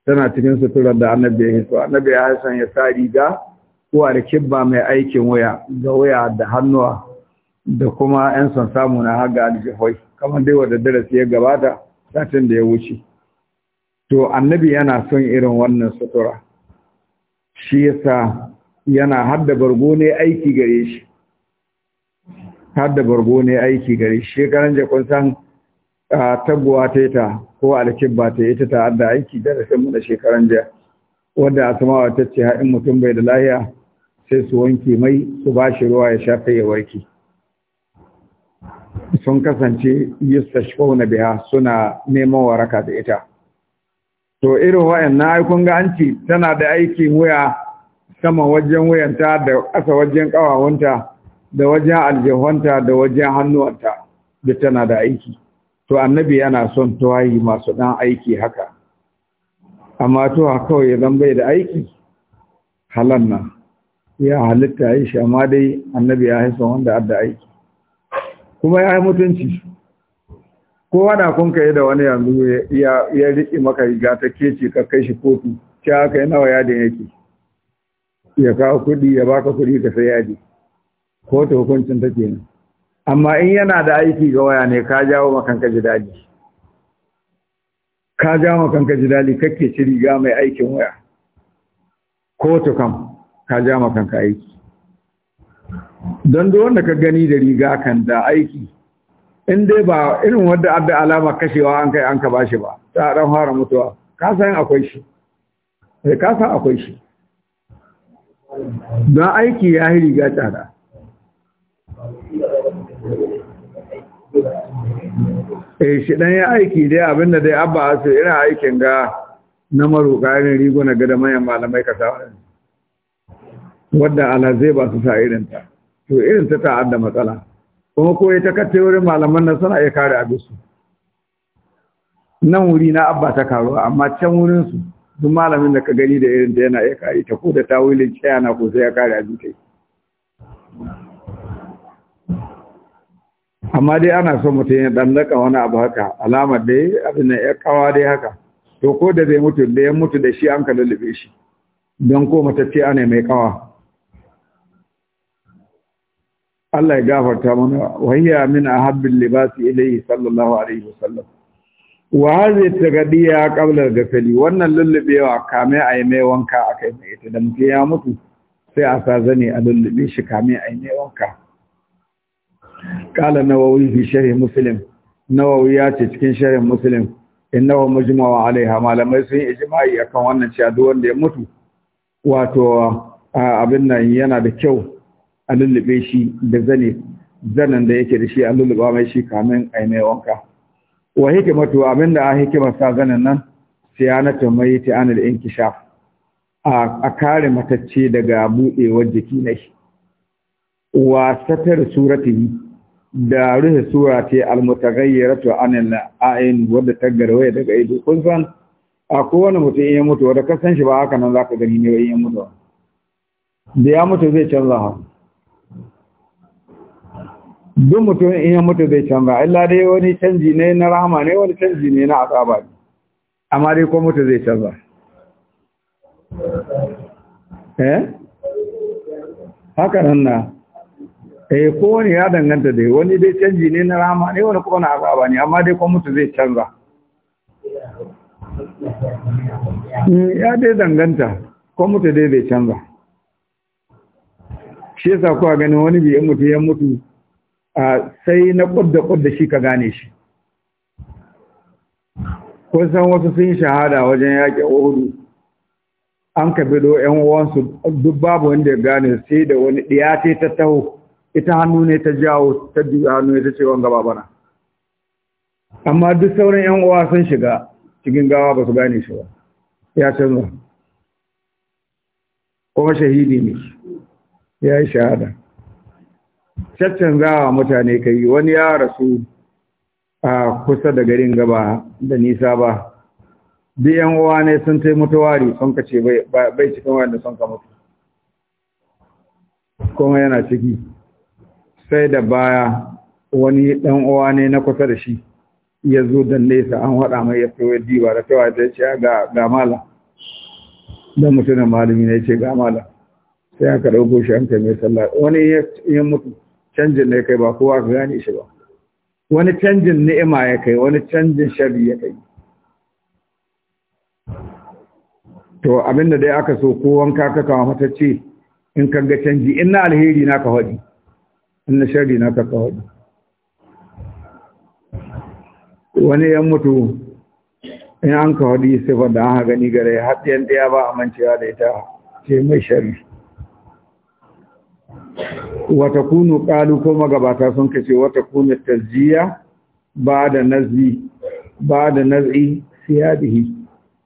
tana cikin suturar da annabi ya so annabi ya san ya sa riga ko da kibba mai aikin waya ga waya da hannuwa da kuma 'yan son samu na haga aljihoi kamar dai wadda darasi ya gabata satin da ya wuce to annabi yana son irin wannan sutura shi yasa yana hadda bargo ne aiki gare shi har da bargo ne aiki gari shi shekaran jakon san taguwa ta yi ta ko alkibba ta yi ta da aiki da rashin mu da shekaran jiya wadda a sama ta ce haɗin mutum bai da lahiya sai su wanke mai su ba shi ruwa ya shafe ya warke sun kasance na biya suna neman waraka da ita to irin wayan na aikun ga tana da aikin wuya sama wajen wuyanta da kasa wajen ƙawawunta da wajen aljihunta da wajen hannuwanta da tana da aiki to annabi yana son tuwayi masu ɗan aiki haka amma tuwa kawai ya bai da aiki halan nan ya halitta ya shi amma dai annabi ya haifan wanda adda aiki kuma ya yi mutunci kowa na kun kai da wani yanzu ya riƙe maka riga ta keci ka kai shi kotu ta haka yana nawa yadin yake ya kawo kuɗi ya baka kuɗi ka sai yadi ko ta hukuncin take ne amma in yana da aiki ga waya ne ka jawo makanka jidali ka jawo makanka jidali kake ci riga mai aikin waya ko to kam ka jawo makanka aiki don duk wanda ka gani da riga kan da aiki in dai ba irin wanda adda alama kashewa an kai an ka bashi ba ta dan fara mutuwa ka san akwai shi eh, ka san akwai shi don aiki ya yi riga tsada E, shi dan ya aiki dai abin da dai abba su irin aikin ga na maruka irin riguna ga da mayan malamai ka sa wadda ana zai ba su sa irin ta to irin ta ta adda matsala kuma ko ita kace wurin malaman nan suna iya kare abin su nan wuri na abba ta karuwa amma can wurin su duk malamin da ka gani da irin ta yana iya kare ta ko da tawilin tsaya na ko sai ya kare abin ta amma dai ana so mutum ya dan laka wani abu haka alamar dai abin da ya kawa dai haka to ko da zai mutu da ya mutu da shi an ka lullube shi don ko matafi ana mai kawa Allah ya gafarta mana wahiya min ahabbil libasi ilayhi sallallahu alaihi wasallam wa hadhihi tagadiya qabla al-ghasli wannan lullubewa kame ayi mai wanka akai mai ita da mutum ya mutu sai a sa zane a lullube shi kame ayi mai wanka kala nawawi fi شرح مسلم نووي ce cikin sharh muslim innahu mujma'u alaiha malamai sun yi ijma'i akan wannan cewa duk wanda ya mutu wato abin nan yana da kyau a lullube shi da zane zanen da yake da shi a lulluba mai shi kamin a mai wanka wa hikimatu abin da a hikimar sa zanen nan siyanatu mai ta anil inkishaf a kare matacce daga buɗewar jiki ne wa satar suratihi da rufe sura ce almutaghayyiratu anil ayn wanda ta garwaye daga ido kun san a kowane mutum ya mutu wanda ka san shi ba haka nan zaka gani ne in ya mutu da ya mutu zai canza ha duk mutum in ya mutu zai canza illa dai wani canji ne na rahama ne wani canji ne na azaba ne amma dai ko mutu zai canza eh haka nan na eh kowane ya danganta dai wani dai canji ne na rama ne wani kuma na azaba ne amma dai kuma mutu zai canza mm, ya dai danganta kuma mutu dai zai canza shi yasa kuwa ganin wani bi yan mutu yan mutu sai na kudda kudda shi ka gane shi kun san wasu sun shahada wajen yaƙi uhudu an ka bido yan uwansu duk babu wanda ya gane sai da wani ɗiya ta taho ita hannu ne ta jawo ta biyu hannu ne ta ce wanga bana amma duk sauran yan uwa sun shiga cikin gawa ba su gane shi ba ya canza kuma shahidi ne ya yi shahada gawa mutane kai wani ya rasu a kusa da garin gaba da nisa ba biyan uwa ne sun tai mutuwari sun kace bai cikin wanda sun ka mutu kuma yana ciki sai da baya wani dan uwa ne na kusa da shi ya zo da nesa an waɗa mai ya tsoye diba da tawa ta ce ga gamala don mutumin malami ne ce ga sai aka ɗauko shi an kame sallah wani ya mutu canjin ne kai ba kowa ka gane shi ba wani canjin ni'ima ya kai wani canjin shari ya kai to abinda dai aka so ko wanka ka kawo matacce in kan ga canji in na alheri na ka faɗi na shari na kaka wadu wani yan mutu in an ka wadu sifar da an gani gare haɗiyan daya ba a mancewa da ita ce mai shari wata kunu kalu ko magabata sun kace wata kunu tarjiya ba da nazi ba da nazi siyadihi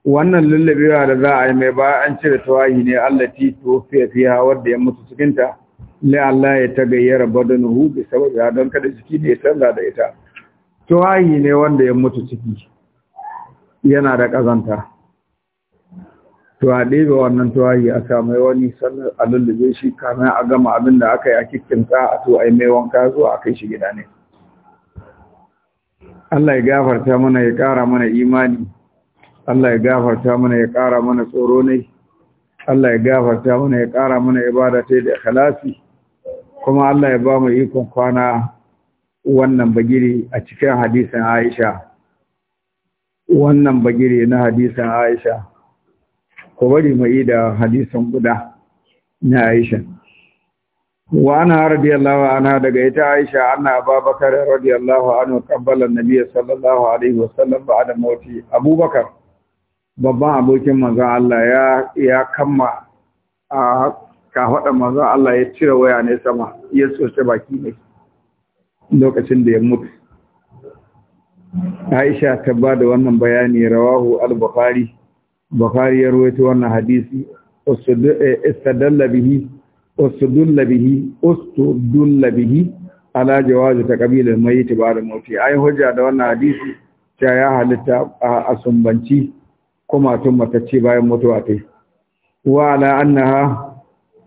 wannan lullubewa da za a yi mai ba an cire tawayi ne allati tufiya fiya wadda ya mutu cikinta la Allah ya tagayyara badanuhu bi sababi don kada jiki ne sallah da ita tuwayi ne wanda ya mutu ciki yana da kazanta to a ɗebe wannan tuwayi a samai wani sallar a lullube shi kana a gama abin da aka yi a kikkinta a to a mai wanka zuwa a kai shi gida ne Allah ya gafarta mana ya kara mana imani Allah ya gafarta mana ya kara mana tsoro ne Allah ya gafarta mana ya kara mana ibada ta da ikhlasi kuma Allah ya ba mu ikon kwana wannan bagiri a cikin hadisin Aisha wannan bagiri na hadisan Aisha ko bari mu yi da hadisan guda na Aisha wa ana radiyallahu anha daga ita Aisha anna Abubakar radiyallahu anhu kabbala annabi sallallahu alaihi wasallam ba'da mauti Abubakar babban abokin manzon Allah ya ya kamma a ka faɗa manzon Allah ya cire waya ne sama ya soce baki ne lokacin da ya mutu Aisha ta ba da wannan bayani rawahu al-Bukhari Bukhari ya rawaito wannan hadisi eh, istadalla bihi ustudulla bihi ustudulla bihi ala mai ta ba da ba'da ai hujja da wannan hadisi ta ya halitta a sumbanci kuma tun matacce bayan mutuwa ta yi. wa ala annaha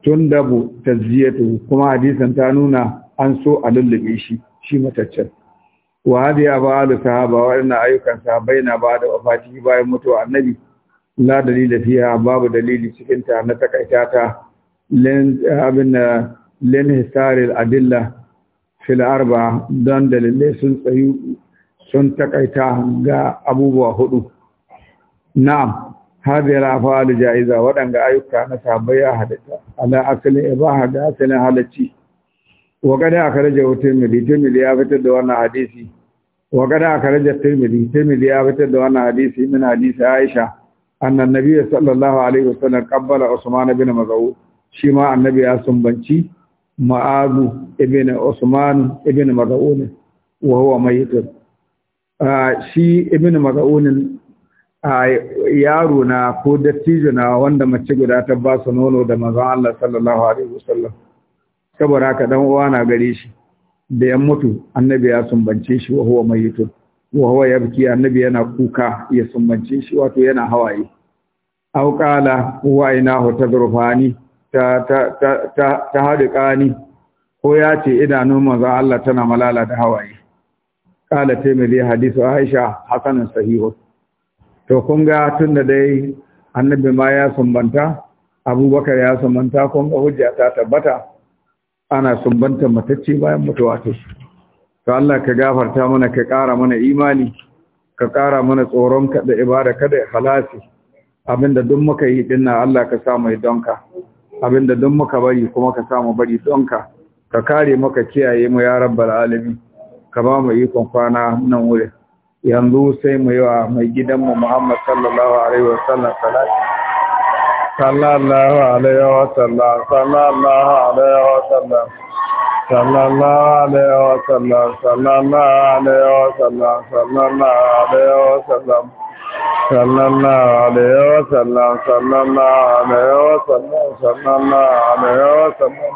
tun dabu taziyatu kuma hadisan ta nuna an so a lullube shi shi mataccen wa hadi da sahaba ina ayyukan sahabbai na ba da wafati bayan mutuwa annabi la dalila fiha babu dalili cikin ta na takaita ta lin abin lin hisaril adilla fil arba don dalilai sun tsayu sun takaita ga abubuwa hudu na'am hadhihi al-af'al ja'iza waɗanda ayyuka na sabai ya halatta ala asli ibaha da asalin halacci wa kada akaraja wa tirmidhi tirmidhi ya fitar da wannan hadisi wa kada akaraja tirmidhi tirmidhi ya fitar da wannan hadisi min hadisi Aisha annan nabi sallallahu alaihi wasallam qabbala Usman bin Maz'ud shi ma annabi ya sumbanci ma'azu ibin Usman ibn Maz'un wa huwa ah, shi ibn Maz'un a yaro na ko dattijo na wanda mace guda ta ba su nono da mazan Allah sallallahu alaihi wasallam saboda haka dan uwa na gare shi da yan mutu annabi ya sumbance shi wa huwa mayitun wa huwa yabki annabi yana kuka ya sumbance shi wato yana hawaye aw qala huwa hu tadrufani ta ta ta ta hadiqani ko ya ce idanun manzon Allah tana malala da hawaye qala li hadithu aisha hasanan sahihun to kun ga tun da dai annabi ma ya sumbanta abubakar ya sumbanta kun ga hujja ta tabbata ana sumbanta matacce bayan mutuwa ta to Allah ka gafarta mana ka kara mana imani ka kara mana tsoron ka da ibada ka da halasi abinda duk muka yi din Allah ka sa mai donka abinda duk muka bari kuma ka sa mu bari donka ka kare maka kiyaye mu ya rabbal alamin ka ba mu ikon kwana nan wurin yanzu sai mu yi wa mai gidanmu Muhammad sallallahu alaihi wa sallam salati sallallahu alaihi wa sallam sallallahu alaihi wa sallam sallallahu alaihi wa sallam sallallahu alaihi wa sallam sallallahu alaihi wa sallam sallallahu alaihi wa sallam sallallahu alaihi wa sallam sallallahu alaihi wa sallam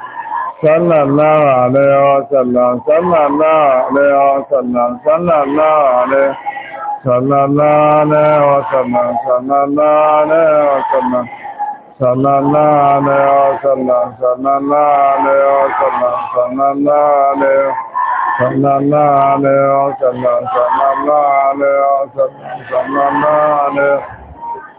sallallahu alaihi wa sallam sallallahu alaihi wa sallallahu alaihi sallallahu alaihi sallallahu alaihi sallallahu alaihi sallallahu alaihi sallallahu alaihi sallallahu alaihi sallallahu alaihi sallallahu alaihi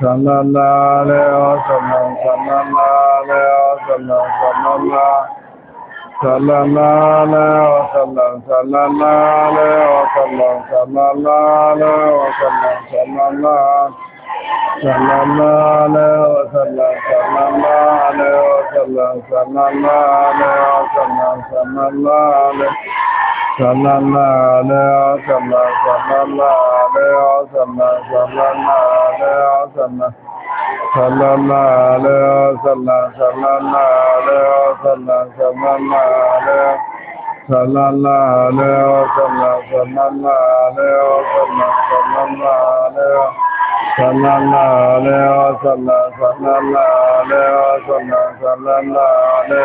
သမ္မာလာလေဩသမ္မာသမ္မာလာလေဩသမ္မာသမ္မာလာသမ္မာလာလေဩသမ္မာသမ္မာလာလေဩသမ္မာသမ္မာလာလေဩသမ္မာသမ္မာလာသမ္မာလာလေဩသမ္မာသမ္မာလာလေဩသမ္မာသမ္မာလာလေဩသမ္မာသမ္မာလာလေသမ္မာနာလေသမ္မာသမ္မာလေသမ္မာသမ္မာလေသမ္မာသမ္မာလေသမ္မာသမ္မာလေသမ္မာသမ္မာလေသမ္မာနာလေသမ္မာသမ္မာလေသမ္မာသမ္မာလေသမ္မာနာလေသမ္မာသမ္မာလေသမ္မာသမ္မာလေ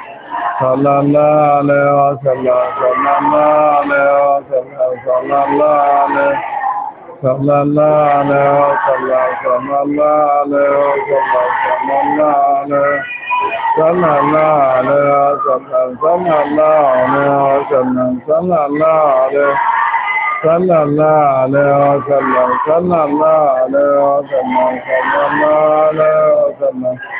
sallallahu alaihi wasallam sallallahu alaihi wasallam sallallahu alaihi sallallahu alaihi wasallam sallallahu alaihi wasallam sallallahu alaihi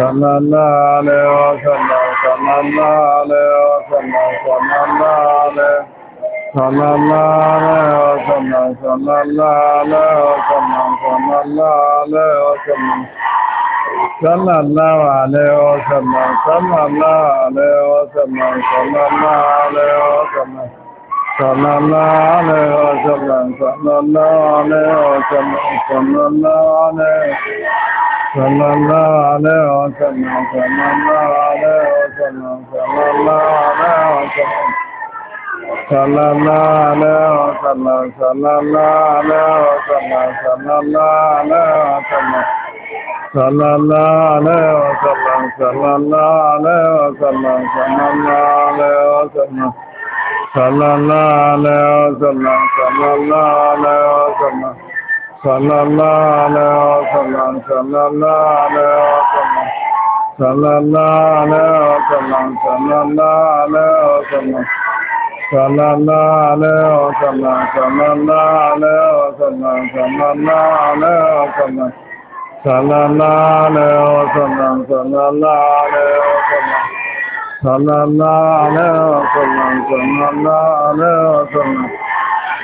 သမ္မာနာလေဩသမ္မာသမ္မာလေဩသမ္မာသမ္မာလေသမ္မာနာလေဩသမ္မာသမ္မာလေဩသမ္မာသမ္မာလေဩသမ္မာသမ္မာနာလေဩသမ္မာသမ္မာနာလေဩသမ္မာသမ္မာလေဩသမ္မာသမ္မာနာလေဩသမ္မာသမ္မာနာလေဩသမ္မာသမ္မာနာလေသမ္မာလာလေဟောသမ္မာသမ္မာလာလေဟောသမ္မာသမ္မာလာလေဟောသမ္မာသမ္မာလာလေဟောသမ္မာသမ္မာလာလေဟောသမ္မာသမ္မာလာလေဟောသမ္မာသမ္မာလာလေဟောသမ္မာသမ္မာလာလေဟောသမ္မာသမ္မာလာလေဟောသမ္မာသမ္မာလာလေဟောသမ္မာသမ္မာလာလေဟောသမ္မာသမ္မာလာလာသမ္မာသမ္မာလာလာသမ္မာသမ္မာလာလာသမ္မာသမ္မာလာလာသမ္မာသမ္မာလာလာသမ္မာသမ္မာလာလာသမ္မာသမ္မာလာလာသမ္မာသမ္မာလာလာသမ္မာသမ္မာလာလာသမ္မာသမ္မာလာလာသမ္မာသမ္မာလာလာသမ္မာ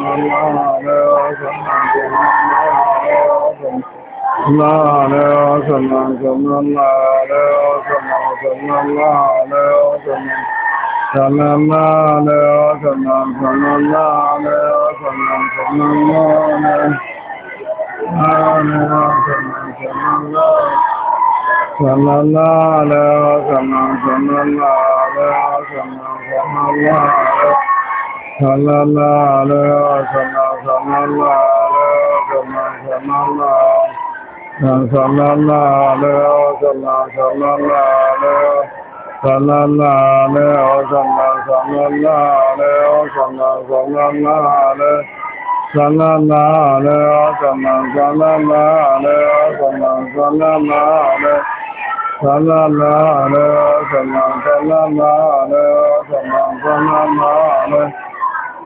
Allah သမ္မာလာလေသမ္မာသမ္မာလာလေသမ္မာသမ္မာလာသမ္မာလာလေသမ္မာသမ္မာလာသမ္မာလာလေသမ္မာသမ္မာလာသမ္မာသမ္မာလာသမ္မာလာလေသမ္မာသမ္မာလာသမ္မာသမ္မာလာသမ္မာလာလေသမ္မာသမ္မာလာသမ္မာသမ္မာလာ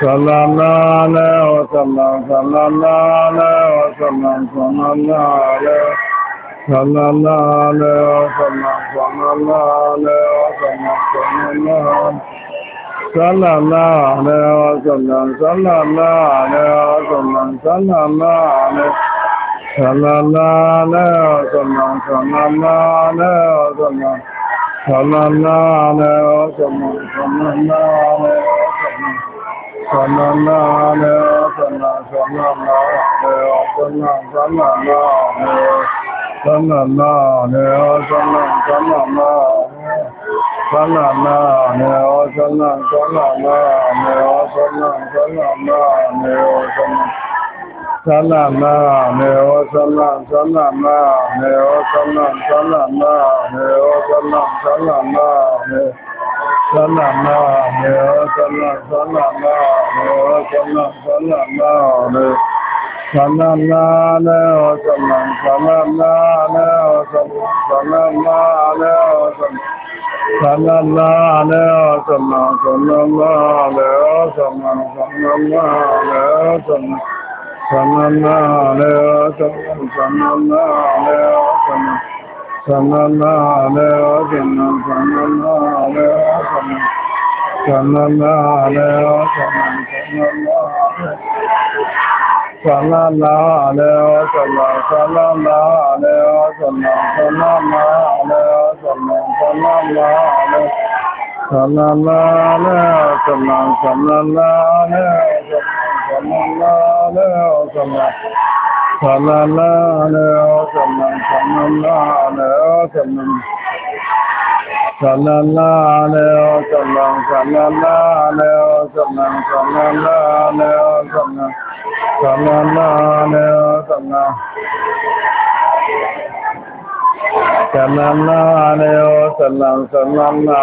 သမ္မာနာနာဝသမ္မာသမ္မာနာနာဝသမ္မာသမ္မာနာလေသမ္မာနာလေသမ္မာသမ္မာနာလေသမ္မာသမ္မာနာသမ္မာနာလေသမ္မာသမ္မာနာလေသမ္မာသမ္မာနာလေသမ္မာနာလေသမ္မာသမ္မာနာလေသမ္မာသမ္မာနာလေသမ္မာသမ္မာနာလေသမ္မာနာလေသမ္မာသမ္မာနာလေသမ္မာသမ္မာနာလေသမ္မာနာလေသမ္မာသမ္မာနာလေသမ္မာနာလေသမ္မာသမ္မာနာလေသမ္မာသမ္မာနာလေသမ္မာသမ္မာမေဝသမ္မာသမ္မာမေဝသမ္မာသမ္မာမေဝသမ္မာသမ္မာမေသမ္မာမေဝသမ္မာသမ္မာမေဝသမ္မာသမ္မာမေသမ္မာမေဝသမ္မာသမ္မာမေဝသမ္မာသမ္မာမေဝသမ္မာသမ္မာမေဝသမ္မာသမ္မာမေဝသမ္မာသမ္မာမေဝသမ္မာသမ္မာလေသမ္သမနာလေသမ္သမနာလေသမ္သမနာလေသမ္သမနာလေသမ္သမနာလေသမ္သမနာလေသမ္သမနာလေသမ္သမနာလေသမ္သမနာလေသမ္သမနာလေသမ္မာနာနာသမ္မာသမ္မာနာနာသမ္မာနာနာသမ္မာသမ္မာနာနာသမ္မာသမ္မာနာနာသမ္မာသမ္မာနာနာသမ္မာသမ္မာနာနာသမ္မာသမ္မာနာနာသမ္မာသမ္မာနာနာသမ္မာသမ္မာနာနာသမ္မာသမ္မာနာနာ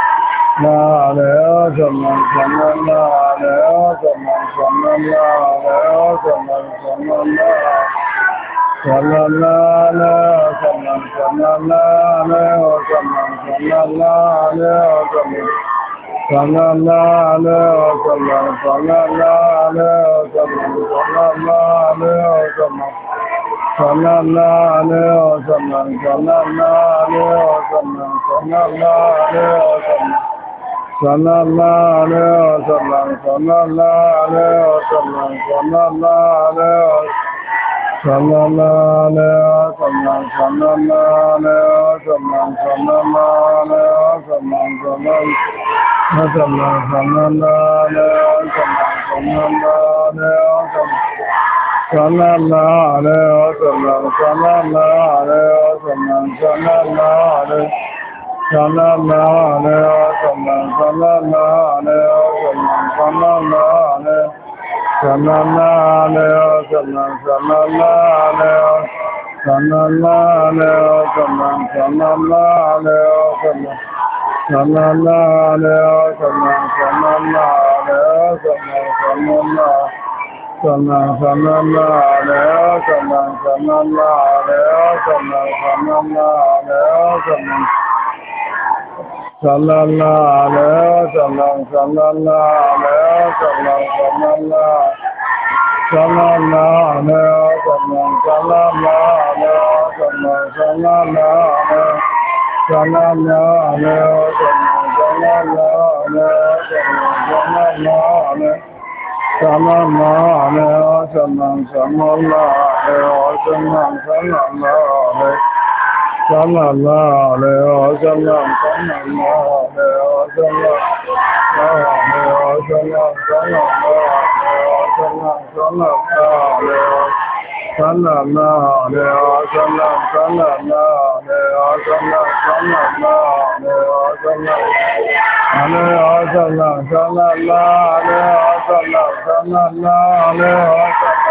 Sallallahu alaihi wa sallam, sallallahu alaihi wa na! sallallahu alaihi wa သမ္မာလာလေသမ္မာသမ္မာလာလေသမ္မာသမ္မာလာလေသမ္မာလာလေသမ္မာသမ္မာလာလေသမ္မာသမ္မာလာလေသမ္မာသမ္မာသမ္မာသမ္မာလာလေသမ္မာသမ္မာလာလေသမ္မာလာလေသမ္မာသမ္မာလာလေသမ္မာသမ္မာလာလေ Sallallahu alaihi wa sallam, sallallahu a wa sallam, sallallahu alaihi wa sallam, sallallahu alaihi wa na na na na na Sallallahu alaihi wa sallam. သမ္မာလာလေယောသမ္မာသမ္မာလာလေယောသမ္မာသမ္မာလေယောသမ္မာသမ္မာလာလေယောသမ္မာသမ္မာလာလေယောသမ္မာလာလေယောသမ္မာသမ္မာလာလေယောသမ္မာသမ္မာလာလေယောသမ္မာလေယောသမ္မာသမ္မာလာလေယောသမ္မာသမ္မာလာလေယောသမ္မာ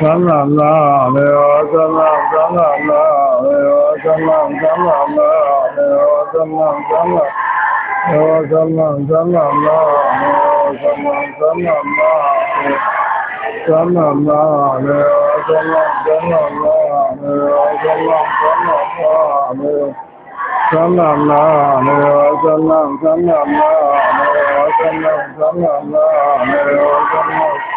သမ္မာလာမေယောသမ္မာသမ္မာလာမေယောသမ္မာသမ္မာလာမေယောသမ္မာသမ္မာမေယောသမ္မာသမ္မာလာမေယောသမ္မာသမ္မာလာသမ္မာလာမေယောသမ္မာသမ္မာလာမေယောသမ္မာသမ္မာလာမေယောသမ္မာလာမေယောသမ္မာသမ္မာလာမေယောသမ္မာသမ္မာလာမေယောသမ္မာ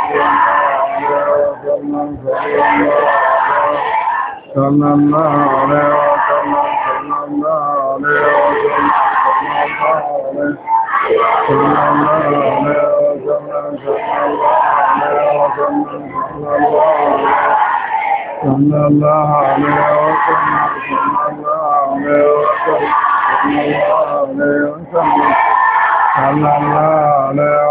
Sallallahu alaihi wa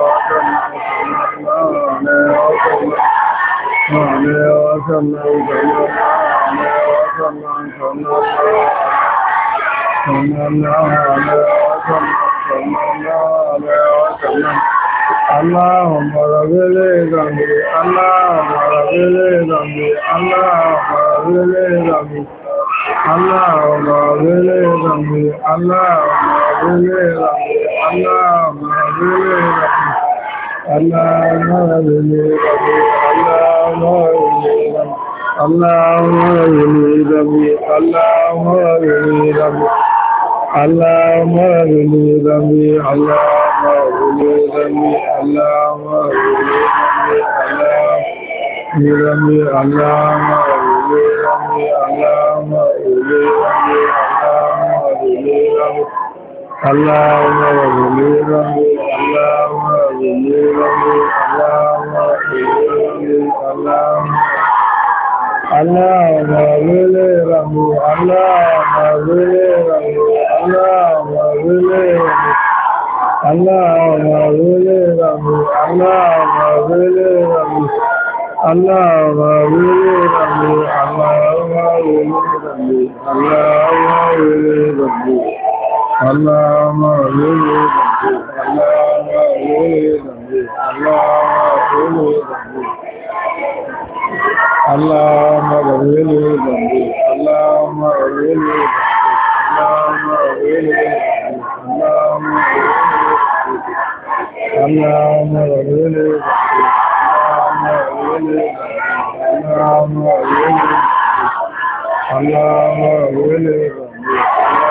မေဝသမံသမံမေဝသမံသမံသမံနာမေဝသမံသမံနာမေဝသမံအလ္လာဟ်မာရဝေလေကံဒီအလ္လာဟ်မာရဝေလေကံဒီအလ္လာဟ်မာရဝေလေကံဒီအလ္လာဟ်မာရဝေလေကံဒီအလ္လာဟ်မာရဝေလေကံဒီအလ္လာဟ်မာရဝေလေကံဒီအလ္လာဟ်မာရဝေလေကံဒီအလ္လာ Alama Alama Allah Allah Allah Alama அல்லாம விழு ரம்பு அல்லாம விழு ரம்பு அல்லாம விழு அல்லாம விழு ரம்பு அல்லாம விழு ரம்பு அல்லாம விழு ரம்பு அல்லாம விழு ரம்பு அல்லாம விழு ரம்பு Allahumma rabbi Allahumma rabbi Allahumma rabbi Allahumma rabbi Allahumma rabbi Allahumma rabbi Allahumma rabbi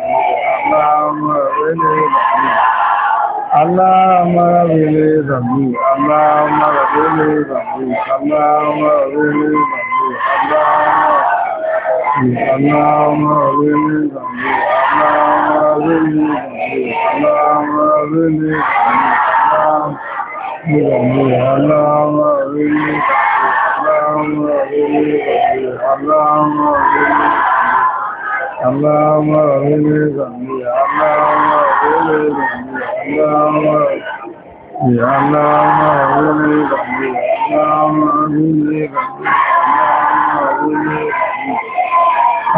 Alama rabbi zambi Allahumma rabbi zambi Allahumma rabbi zambi Allahumma Allahumma rabbi zambi Allahumma rabbi zambi Allahumma rabbi zambi Allahumma rabbi zambi Allahumma rabbi zambi Allahumma rabbi zambi Allahumma rabbi اللهم ولي ربي اللهم ولي ربي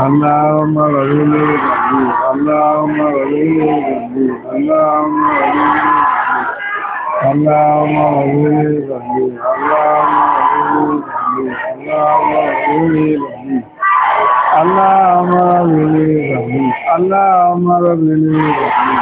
اللهم ولي اللهم ولي ربي اللهم ولي ربي اللهم ولي ربي اللهم ولي ربي اللهم ولي ربي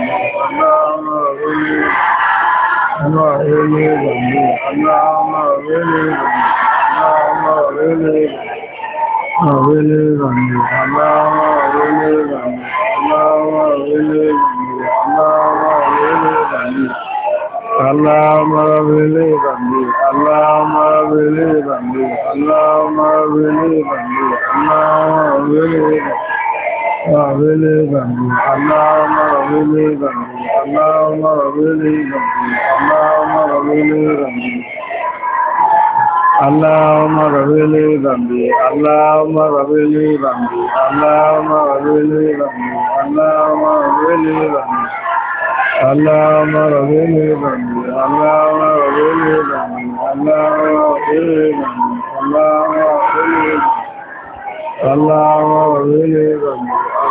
ọ̀rẹ́lẹ̀ ìgbàmù ọ̀lá ọmọ رب لي ذنبي اللهم رب لي ذنبي اللهم رب لي ذنبي اللهم رب لي ذنبي اللهم رب لي ذنبي اللهم رب لي ذنبي اللهم رب لي ذنبي اللهم رب لي ذنبي اللهم رب لي ذنبي اللهم رب لي ذنبي اللهم رب لي ذنبي اللهم رب لي ذنبي اللهم رب لي ذنبي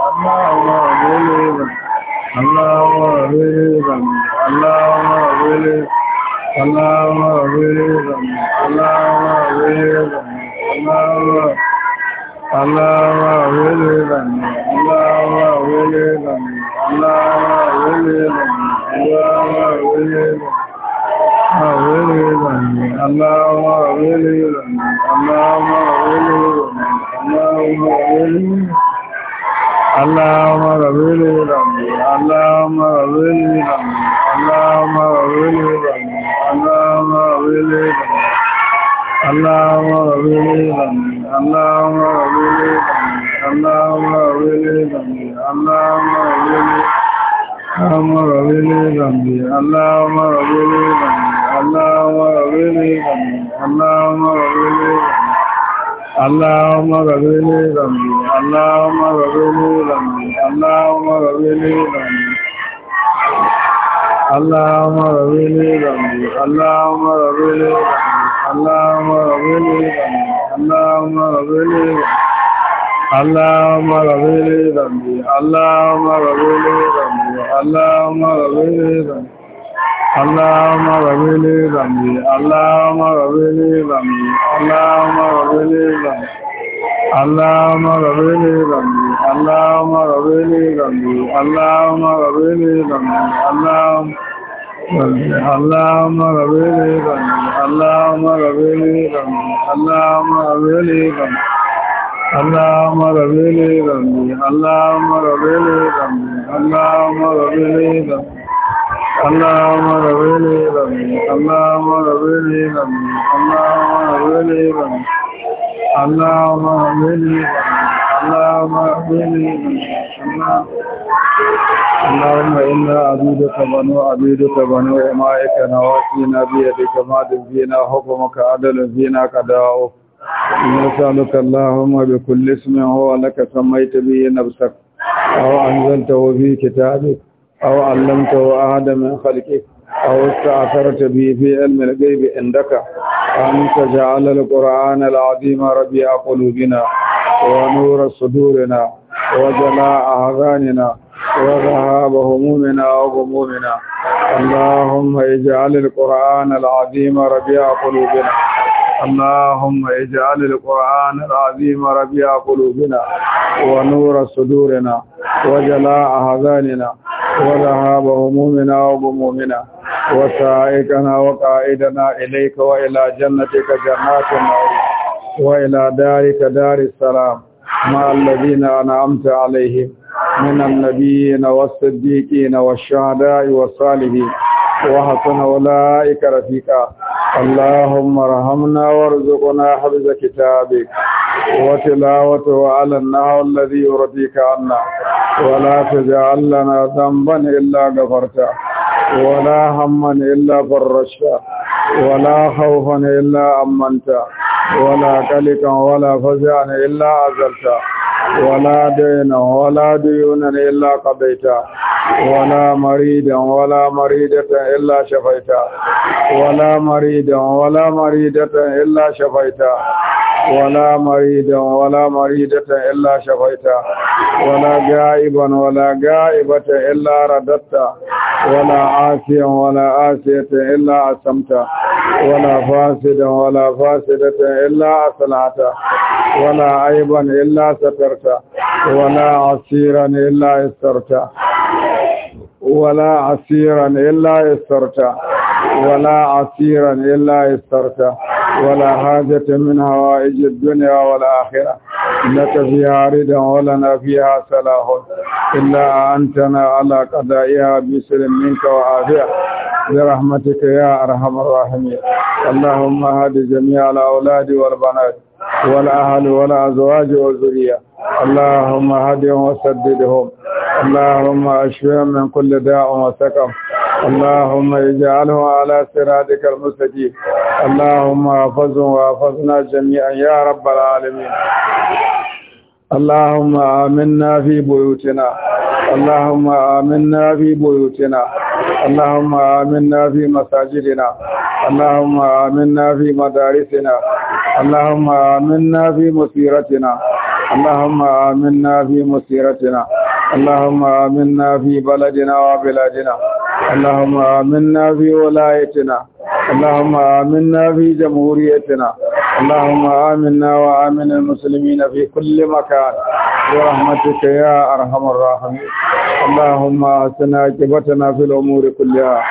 Allahumma اللهم اغفر لي ذنبي اللهم اغفر لي ذنبي اللهم اغفر لي ذنبي اللهم اغفر لي ذنبي اللهم اغفر لي ذنبي اللهم اغفر لي ذنبي اللهم اغفر لي ذنبي اللهم اغفر لي اللهم اغفر لي ذنبي اللهم اغفر لي ذنبي اللهم اغفر لي ذنبي اللهم اغفر لي ذنبي اللهم اغفر لي ذنبي اللهم اغفر لي ذنبي اللهم اغفر لي ذنبي اللهم اغفر لي ذنبي اللهم اغفر لي ذنبي اللهم اغفر لي ذنبي اللهم اغفر لي ذنبي اللهم اغفر لي ذنبي اللهم اغفر لي ذنبي اللهم اغفر لي ذنبي اللهم رب لي ذنبي اللهم رب لي ذنبي اللهم رب لي ذنبي اللهم رب لي ذنبي اللهم رب لي ذنبي اللهم رب لي ذنبي اللهم اللهم رب لي ذنبي اللهم رب لي ذنبي اللهم رب لي ذنبي اللهم رب لي ذنبي اللهم رب لي ذنبي اللهم رب لي ذنبي اللهم ربنا بني اللهم ربنا بني اللهم ربنا بني اللهم ربنا اللهم ربنا اللهم إنا عبيدك بنو عبيدك بنو إمائك نواصينا بيدك ماض فينا حكمك عدل فينا قضاؤك نسألك اللهم بكل اسم هو لك سميت به نفسك أو أنزلته في كتابك أو علمته أحدا من خلقك أو استعثرت به في علم الغيب عندك أن تجعل القرآن العظيم ربيع قلوبنا ونور صدورنا وجلاء أحزاننا وذهاب همومنا وغمومنا اللهم اجعل القرآن العظيم ربيع قلوبنا اللهم اجعل القرآن العظيم ربيع قلوبنا ونور صدورنا وجلاء أحزاننا وذهاب همومنا وغمومنا وسائقنا وقائدنا إليك وإلى جنتك جنات النعيم وإلى دارك دار السلام مع الذين أنعمت عليهم من النبيين والصديقين والشهداء والصالحين وحسن أولئك رفيقا اللهم ارحمنا وارزقنا حفظ كتابك وتلاوته على النهر الذي يرضيك عنا ولا تجعل لنا ذنبا إلا غفرته ولا هما إلا فرجته ولا خوفا إلا أمنته ولا قلقا ولا فزعا إلا عزلته ولا دينا ولا دينا عدي إلا قضيته ولا مريدا ولا مريدة إلا شفيته ولا مريدا ولا مريدة إلا شفيته ولا مريدا ولا مريدة إلا شفيتها ولا غائبا ولا غائبة إلا رددتها ولا عاسيا ولا عاسية إلا عصمتها ولا فاسدا ولا فاسدة إلا أصلعتها ولا عيبا إلا سترتها ولا عصيا يسيرا إلا يسرته ولا عسيرا إلا يسرته ولا عسيرا إلا يسرته ولا حاجة من هوائج الدنيا والآخرة لك فيها ردا ولنا فيها سلاح إلا أنتنا على قضائها بسلم منك وعافية برحمتك يا أرحم الراحمين اللهم هذه جميع الأولاد والبنات والأهل والأزواج والذرية اللهم هدهم وسددهم اللهم أشفهم من كل داء وسكم اللهم اجعله على سرادك المستقيم اللهم أفزهم وأفزنا جميعا يا رب العالمين اللهم آمنا في بيوتنا اللهم آمنا في بيوتنا اللهم آمنا في مساجدنا اللهم آمنا في مدارسنا اللهم آمنا في مسيرتنا اللهم آمنا في مسيرتنا اللهم آمنا في بلدنا وبلادنا اللهم آمنا في ولايتنا اللهم آمنا في جمهوريتنا اللهم آمنا وآمن المسلمين في كل مكان برحمتك يا أرحم الراحمين اللهم أسنا عاقبتنا في الأمور كلها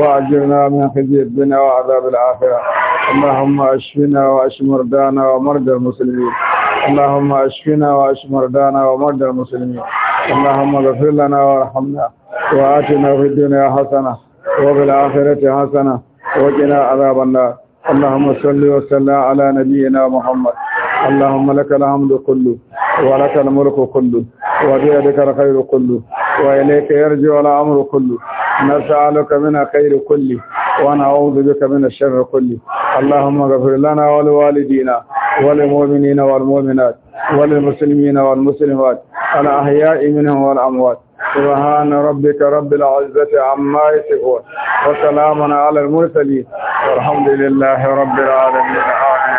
وأجرنا من خزي الدنيا وعذاب الآخرة اللهم أشفنا وأشف مرضانا ومرضى المسلمين اللهم أشفنا وأشف مرضانا ومرضى المسلمين اللهم اغفر لنا وارحمنا وآتنا في الدنيا حسنة وفي الآخرة حسنة وقنا عذاب النار اللهم صل وسلم على نبينا محمد اللهم لك الحمد كله ولك الملك كله وبيدك الخير كله وإليك يرجع الأمر كله نسألك من خير كله ونعوذ بك من الشر كله اللهم اغفر لنا ولوالدينا وللمؤمنين والمؤمنات وللمسلمين والمسلمات الأحياء منهم والأموات سبحان ربك رب العزة عما يصفون وسلام على المرسلين والحمد لله رب العالمين آمين